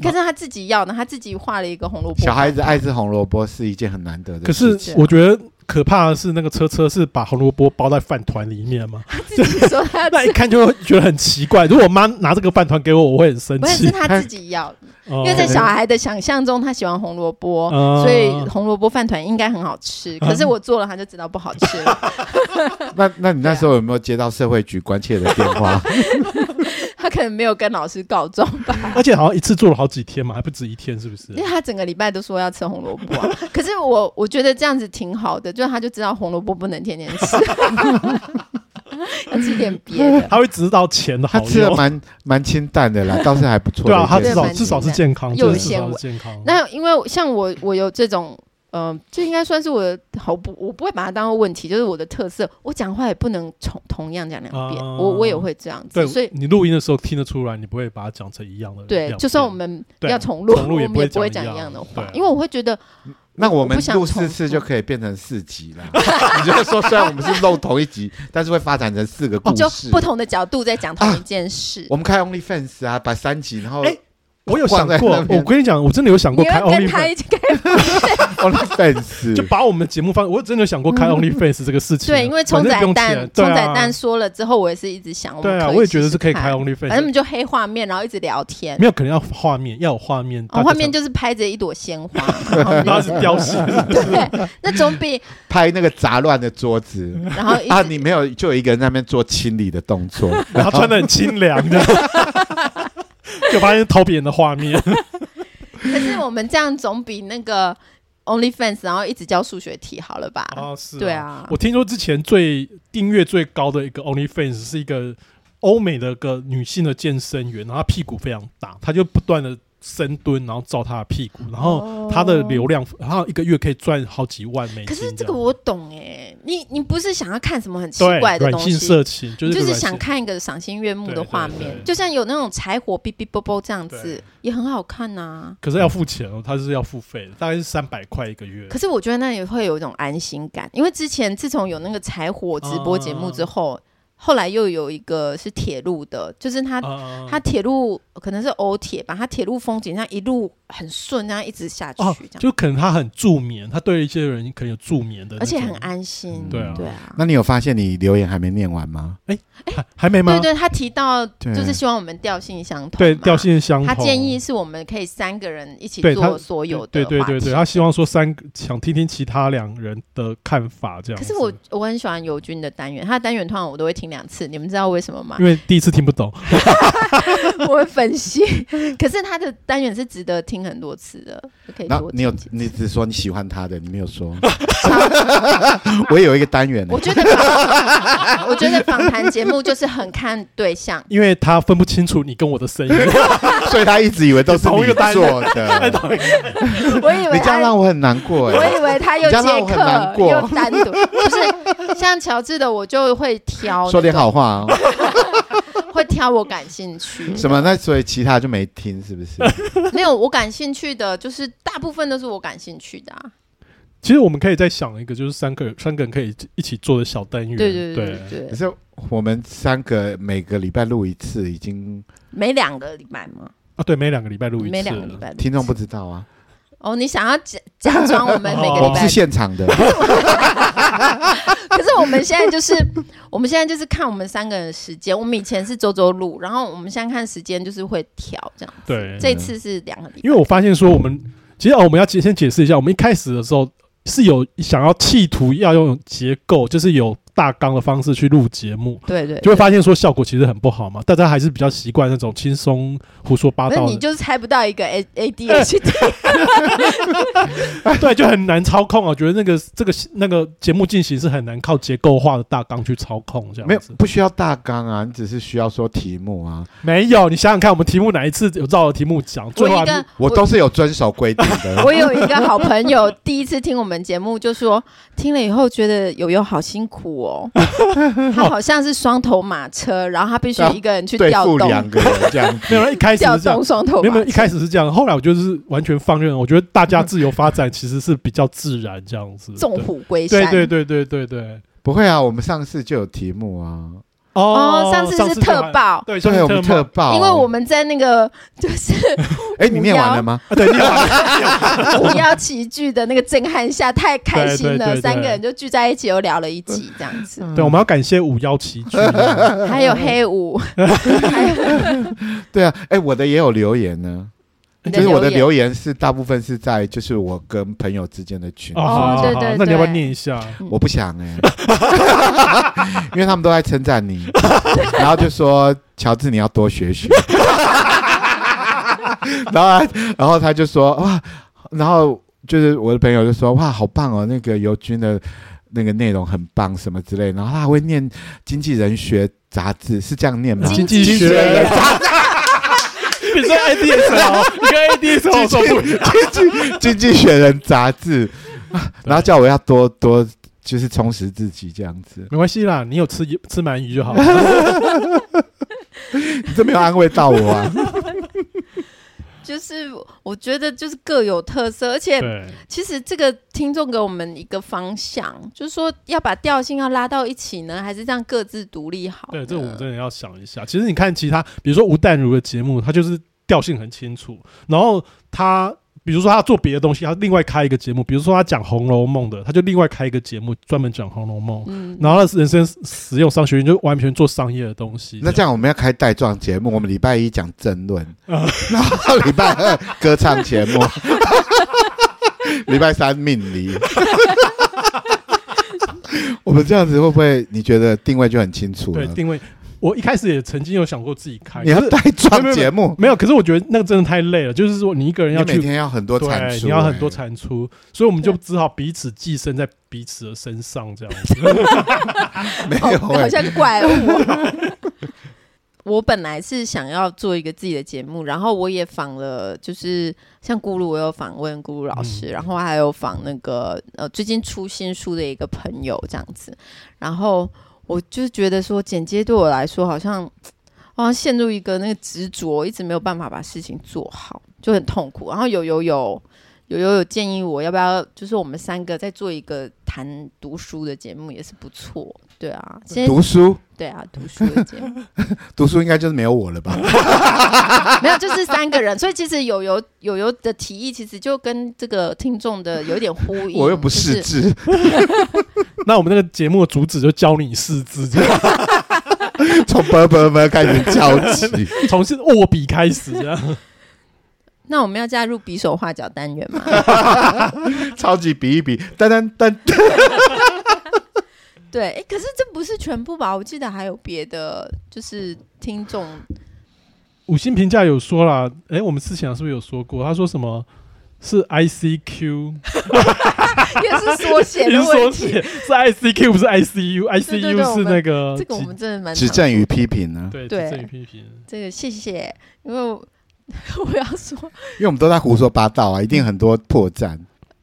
A: 可是他自己要呢，他自己畫了一個紅蘿蔔。小孩子愛
C: 吃紅蘿蔔是一件很難得的事。可是我
B: 覺得可怕的是，那個車車是把紅蘿蔔包在飯糰裡面嗎？他說
A: 他 那一看就會
B: 覺得很奇怪。如果我媽拿這個飯糰給我，我會很生氣。也是，是他自
A: 己要，哎、
C: 因為在小孩
A: 的想象中，他喜歡紅蘿蔔，嗯、所以紅蘿蔔飯糰應該很好吃。可是我做了，他就知道不好吃
C: 了。嗯、 那那你那時候有沒有接到社會局關切的電話？
A: 他可能沒有跟老師告狀吧，而且好
C: 像一次做了好幾
B: 天嘛，還不止一天，是不是？因為他
A: 整個禮拜都說要吃紅蘿蔔啊， 可是我我覺得這樣子挺好的，就是他就知道紅蘿蔔不能天天吃， 要吃點別
C: 的。他會知道錢的，他吃的蠻蠻清淡的啦，倒是還不錯。 對啊，他至少至少是健康，又纖健康我。
A: 那因為像我我有這種。嗯、呃，這應該算是我的好不，我不會把它當問題，就是我的特色。我講話也不能重同樣講兩遍，嗯、我我也會這樣子。對，所以
B: 你錄音的時候聽得出來，你不會把它講成一樣的。對，就算我們
A: 要重錄，重錄也不會講一,一樣的話，因為我會覺得。那我們錄四
C: 次就可以變成四集啦。 你就會說，雖然我們是弄同一集， 但是會發展成四個故事，哦、就不
A: 同的角度在講同一件事。
C: 啊、我們開 Only Fans 啊，把三集，然後、欸。我有想
B: 過，我跟你講，我真的有想
C: 過
A: 開 OnlyFans，
C: OnlyFans 就把我們節
B: 目放。我真的有想過開 OnlyFans 這個事情、啊嗯，對，因為沖仔丹沖仔蛋
A: 說了之後，我也是一直想，對啊試試，我也覺得是可以開 OnlyFans。反正就黑畫面，然後一直聊天，沒
B: 有，可能要畫面，要有
C: 畫面。哦、
A: 畫面就是拍着一朵鮮
C: 花，那、哦、是
A: 標示。 就是、 對，那總比
C: 拍那個雜亂的桌子，然後啊，你沒有就有一個人在那邊做清理的動作，
A: 然後穿得很清涼的。
C: 就發現偷別人的畫面
B: ，
A: 可 是我們這樣總比那個 OnlyFans 然後一直教數學題好了吧？啊，是啊，對啊。我
B: 聽說之前最訂閱最高的一個 OnlyFans 是一個歐美的個女性的健身員，然後她屁股非常大，她就不斷的。深蹲，然後照他的屁股，然後他的流量，哦、然後一個月可以賺好幾萬美金。可是這個
A: 我懂哎、欸，你你不是想要看什麼很奇怪的東西？軟性色情，就是、就是想看一個賞心悅目的畫面，對對對對，就像有那種柴火嗶嗶啵啵啵這樣子，也很好看吶、啊。可是
B: 要付錢哦，他是要付費的，大概是三百塊一個月。可是
A: 我覺得那裡會有一種安心感，因為之前自從有那個柴火直播節目之後。嗯後來又有一個是鐵路的，就是他啊啊他鐵路可能是歐鐵吧，他鐵路風景這一路很順，那樣一直下去，哦，就
C: 可能他
B: 很助眠，他對一些人可能有助眠的，而且
A: 很安心，嗯。對啊，對
C: 啊。那你有發現你留言還沒念完嗎？哎，欸欸、還還沒嗎？對，對對，
A: 他提到就是希望我們調性相同，對
C: 調性相同。他建
A: 議是我們可以三個人一起做所有的，對對，對對對對。
B: 他希望說三，個，想聽聽其他兩人的看法這樣子。可是我
A: 我很喜歡油君的單元，他的單元通常我都會聽。兩次，你們知道為什麼嗎？因為
C: 第一次聽不懂，
A: 我會分析。可是他的單元是值得聽很多次的，可以多幾次。那
C: 你有你只說你喜歡他的，你沒有說。 我也有一個單元。 我覺
A: 得， 我覺得訪談節目就是很看對象，
B: 因為他分不清楚你跟我的聲音， 所以他一直以為都是你做的。 我以為，你這，我 我以
A: 為你這樣
C: 讓我很難過。我以
A: 為他又接客又單獨，不、就是像喬治的，我就會挑。 有點好
C: 話哦、啊，
A: 會挑我感興趣什麼？
C: 那所以其他就沒聽是不是？
A: 沒有，我感興趣的，就是大部分都是我感興趣的、啊。
C: 其實我們可以再想一個，就是三個人，三個人可以一起做的小單元。對對對，對，對，對，可是我們三個每個禮拜錄一次，已經
A: 每兩個禮拜嗎？
C: 啊，對，每兩個禮拜錄一次，每兩個禮拜聽眾不知道啊。
A: 哦，你想要假裝我們每個禮拜、哦、我是現
C: 場的？
A: 可是我們現在就是，我們現在就是看我們三個人的時間。我們以前是週週錄，然後我們現在看時間就是會調這樣。對，這次是兩個。
B: 因為我發現說，我們其實哦，我們要先解釋一下，我們一開始的時候是有想要企圖要用結構，就是有。大綱的方式去錄節目，對對、對，就會發現說效果其實很不好嘛。對對對，大家還是比較習慣那種輕鬆胡說八道。那你就
A: 是猜不到一個 ADHD，
B: 對，就很難操控啊。我覺得那個這個那個節目進行是很難靠結構化的大綱去操控，這樣。沒有，不需要大綱啊，
C: 你只是需要說題目啊。沒有，你想想看，我們題目哪一次有照着題目講？最後我應我、我都是有遵守規定的。 我有一個好
A: 朋友，第一次聽我們節目，就說聽了以後覺得油油好辛苦哦。哦， 他好像是雙頭馬車，哦，然後他必須一個人去調動兩個
C: 人，這樣，
B: 沒這樣。 沒有，一開始是這樣，沒有一開始是這樣，後來我就是完全放任， 我覺得大家自由發展其實是比較自然這樣子，縱虎歸
A: 山。對對
C: 對對對對，不會啊，我們上次就有題目啊。
B: 哦、oh, oh，上
A: 次是特報，就對，上次我們特報，因為我們在那個就是，
C: 哎，你念完了嗎？
A: 啊、對，五幺奇劇的那個震撼下太開心了對對對對，三個人就聚在一起又聊了一集這樣子對、嗯。對，我
C: 們要感謝五幺奇
A: 劇還有黑五，
C: 對啊，哎，我的也有留言呢、啊。就是我的留言是大部分是在就是我跟朋友之間的群、哦，嗯、哦對對，對，那你要不要念一下？我不想哎、欸 因為他們都在稱讚你，然後就說喬治你要多學學，然後他然後他就說哇，然後就是我的朋友就說哇好棒哦、喔，那個油君的那個內容很棒什麼之類，然後他還會念《經濟人學雜誌》是這樣念嗎？經濟學， 經學的雜誌。
B: 比如說 ADSL 好，你跟 ADSL 我做經濟，經濟
C: 學人雜誌，然後叫我要多多就是充實自己這樣子，
B: 沒關係啦，你有吃魚吃鰻魚就好
A: 了， 你這
C: 沒有安慰到我啊。
A: 就是我覺得就是各有特色，而且其實這個聽眾給我們一個方向，就是說要把調性要拉到一起呢，還是這樣各自獨立好？
B: 對，這個我們真的要想一下。其實你看其他，比如說吳淡如的節目，它就是調性很清楚，然後它。比如說他做別的東西，他另外開一個節目；比如說他講《紅樓夢》的，他就另外開一個節目專門講《紅樓夢》
C: 嗯。然後他人生實用商學院就完全做商業的東西。那這樣我們要開帶狀節目，我們禮拜一講政論，嗯、然後禮拜二歌唱節目， 禮拜三命理。 我們這樣子會不會你覺得定位就很清楚了？對，定位。我一
B: 開始也曾經有想過自己開，你要帶專業節目，
C: 沒有。可是我覺得那個真的太累了，就是說
B: 你一個人要去每天要很多產出，你要很多產出、欸，所以我們就只好彼此寄生在彼此的身上這樣子。 哦、
A: 沒有，好像怪物、啊。 我本來是想要做一個自己的節目，然後我也訪了，就是像咕嚕，我有訪問咕嚕老師、嗯，然後還有訪那個呃最近出新書的一個朋友這樣子，然後。我就是覺得說，剪接對我來說好像，好像陷入一個那個執着，一直沒有辦法把事情做好，就很痛苦。然後有有有。友友有建議，我要不要？就是我們三個再做一個談讀書的節目，也是不錯，對啊。現、啊、讀書，對啊，讀書的節目，讀
C: 書應該就是沒有我了吧 ？
A: 沒有，就是三個人。所以其實友友友友的提議，其實就跟這個聽眾的有點呼應。我又不識字，
B: 那我們那個節目主旨就教你識字，這樣，從 “b
C: b b” 開始教起，從是握筆開始這樣。
A: 那我們要加入比手畫腳單元嗎？
C: 超級比一比，噔噔噔！
A: 對，哎、欸，可是這不是全部吧？我記得還有別的，就是聽眾
B: 五星評價有說啦，哎、欸，我們之前是不是有說過？他說什麼？是 I C Q，也
A: 是縮寫的問題也
B: 是，是 I C Q 不是 I C U，I
C: C U 是那個。這個、我們真的蠻。指正與批評呢、啊？對，指
A: 正與批評，這個謝謝，因為。我要說，因
C: 為我們都在胡說八道啊，一定很多破綻。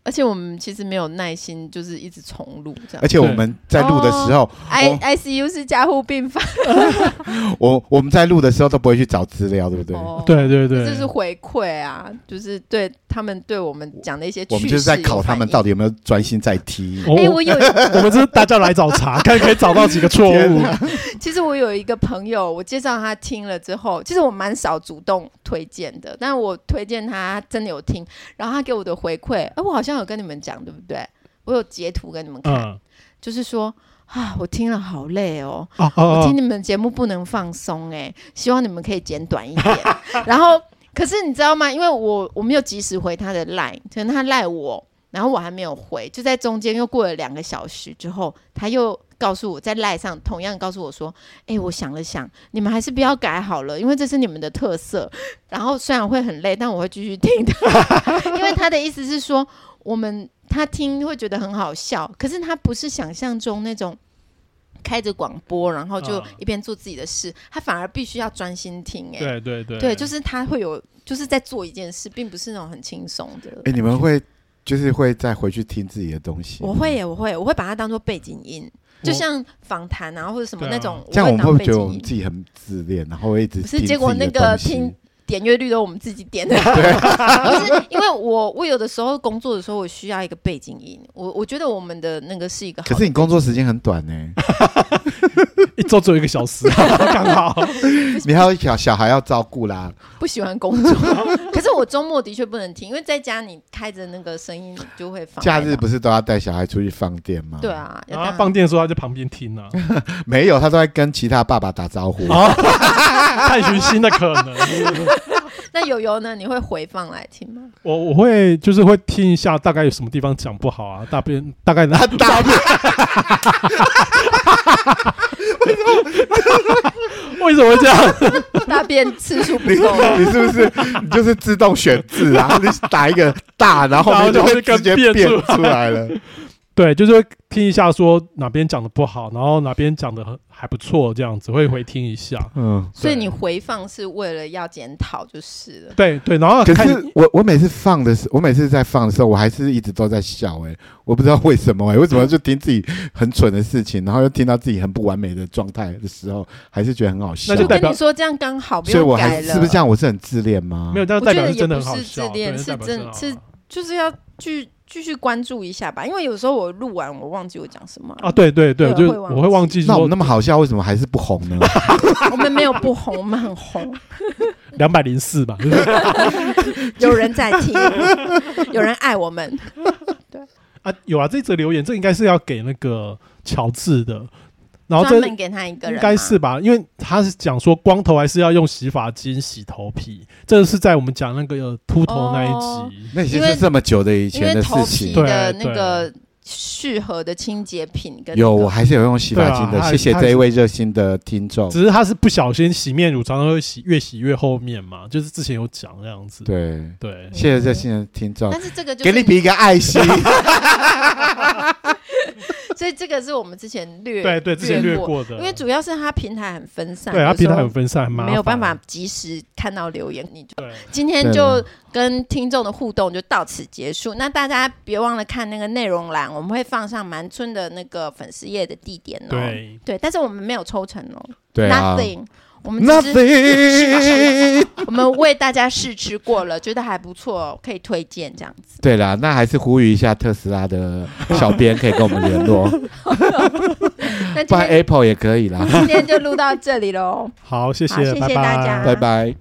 A: 而且我們其實沒有耐心，就是一直重錄這樣。而且我們在錄的時候、oh，I ICU 是加護病房。
C: 我我們在錄的時候都不會去找資料，對不對？Oh, 對對對，這是
A: 回饋啊，就是對他們對我們講的一些，我們就是在考他
C: 們到底有沒有專心在聽。哎、 oh, 欸，我有， 我們這是大家來找茬，
A: 看可以
B: 找到幾個錯
C: 誤、啊。
A: 其實我有一個朋友，我介紹他聽了之後，其實我蠻少主動推薦的，但是我推薦他，他真的有聽，然後他給我的回饋，哎、啊，我好像。我有跟你們講，對不對？我有截圖跟你們看，嗯、就是說啊，我聽了好累、喔、哦，哦，哦，哦，我聽你們節目不能放鬆哎、欸，希望你們可以剪短一點。 然後，可是你知道嗎？因為我我沒有及時回他的賴，可能他賴我，然後我還沒有回，就在中間又過了兩個小時之後，他又告訴我在賴上同樣告訴我說，哎、欸，我想了想，你們還是不要改好了，因為這是你們的特色。然後雖然會很累，但我會繼續聽的， 因為他的意思是說。我們他聽會覺得很好笑，可是他不是想象中那種開着廣播，然後就一邊做自己的事，他反而必須要專心聽、欸。哎，對對對，對，就是他會有，就是在做一件事，並不是那種很輕鬆的。哎、欸，你們會
C: 就是會再回去聽自己的東西？我
A: 會耶，我會，我會把它當做背景音，就像訪談啊，或者什麼那種。這樣、啊、我，我們會覺得我
C: 們自己很自戀，然後一直聽不是結果那個
A: 聽。點閱率都我們自己點的。 是因為我我有的時候工作的時候，我需要一個背景音，我我覺得我們的那個是一個好，可是
C: 你工作時間很短呢？欸。 一周做一個小時剛 好不，你還有小小孩要照顧啦。
A: 不喜歡工作， 可是我周末的確不能聽，因為在家你開着那個聲音就會放。假日
C: 不是都要帶小孩出去放電
A: 嗎？對啊，然後
B: 放電的時候他在旁邊聽啊，
C: 沒有，他都在跟其他爸爸打招呼，探、哦、尋
B: 新的可能。
A: 那油油呢？你會回放來聽嗎？
B: 我我會就是會聽一下，大概有什麼地方講不好啊？大便大概那大
C: 便 為什麼為什麼這樣？
A: 大便次數不夠？你是不是
C: 你就是自動選字啊？ 你打一個大，然後後面就會直接變出來了。
B: 對，就是聽一下，說哪邊講的不好，然後哪邊講的還還不錯，這樣子會回聽一下。
C: 嗯，所
A: 以你回放是為了要檢討，就是了。對對，然
C: 後看可是我我每次放的時，我每次在放的時候，我還是一直都在笑哎、欸，我不知道為什麼哎、欸，為什麼就聽自己很蠢的事情，然後又聽到自己很不完美的狀態的時候，還是覺得很好笑。那就代表說這樣剛好，所以我還是，是不是這樣？我是很自戀嗎？沒
B: 有，這樣代表是真的很好笑，不是自
A: 戀。是真，是，是就是要去。繼續關注一下吧，因為有時候我錄完我忘記我講什麼啊！啊對對對，對啊、我就會我會忘記說。那我那
C: 麼好笑，為什麼還是不紅呢？
A: 我們沒有不紅，我們很紅，
C: 兩百零四吧。
A: 有人在聽， 有人愛我們，對
B: 啊，有啊，這則留言，這應該是要給那個喬治的。然後這專門給他一個人，應該是吧？因為他是講說光頭還是要用洗髮精洗頭皮，這個是在我們講那個禿、呃、頭那
C: 一集，哦、那已經是這麼久的以前的事情。對，那個
A: 適合的清潔品跟，那個，有我還是有用洗髮精的，啊。謝謝這一
C: 位熱心的聽眾。只
B: 是他是不小心洗面乳，常常會洗越洗越後面嘛。就是之前有講那樣子。對對，謝謝熱心的聽眾。
C: 但是這個給你比一個愛心。
A: 所以這個是我們之前略，對對，之前略過的，因為主要是他平台很分散，對，他平台很分散很麻煩，沒有辦法及時看到留言。你就今天就跟聽眾的互動就到此結束。那大家別忘了看那個內容欄，我們會放上鰻村的那個粉絲頁的地點哦。對對，但是我們沒有抽成哦。對啊，Nothing。我們是試吃， 我們為大家試吃過了， 覺得還不錯，可以推薦這樣
C: 子。對啦，那還是呼籲一下特斯拉的小編可以跟我們聯絡。
A: 那不然 Apple
C: 也可以啦。 今天就錄到
A: 這裡嘍。 好，謝謝，謝謝大家，拜
C: 拜。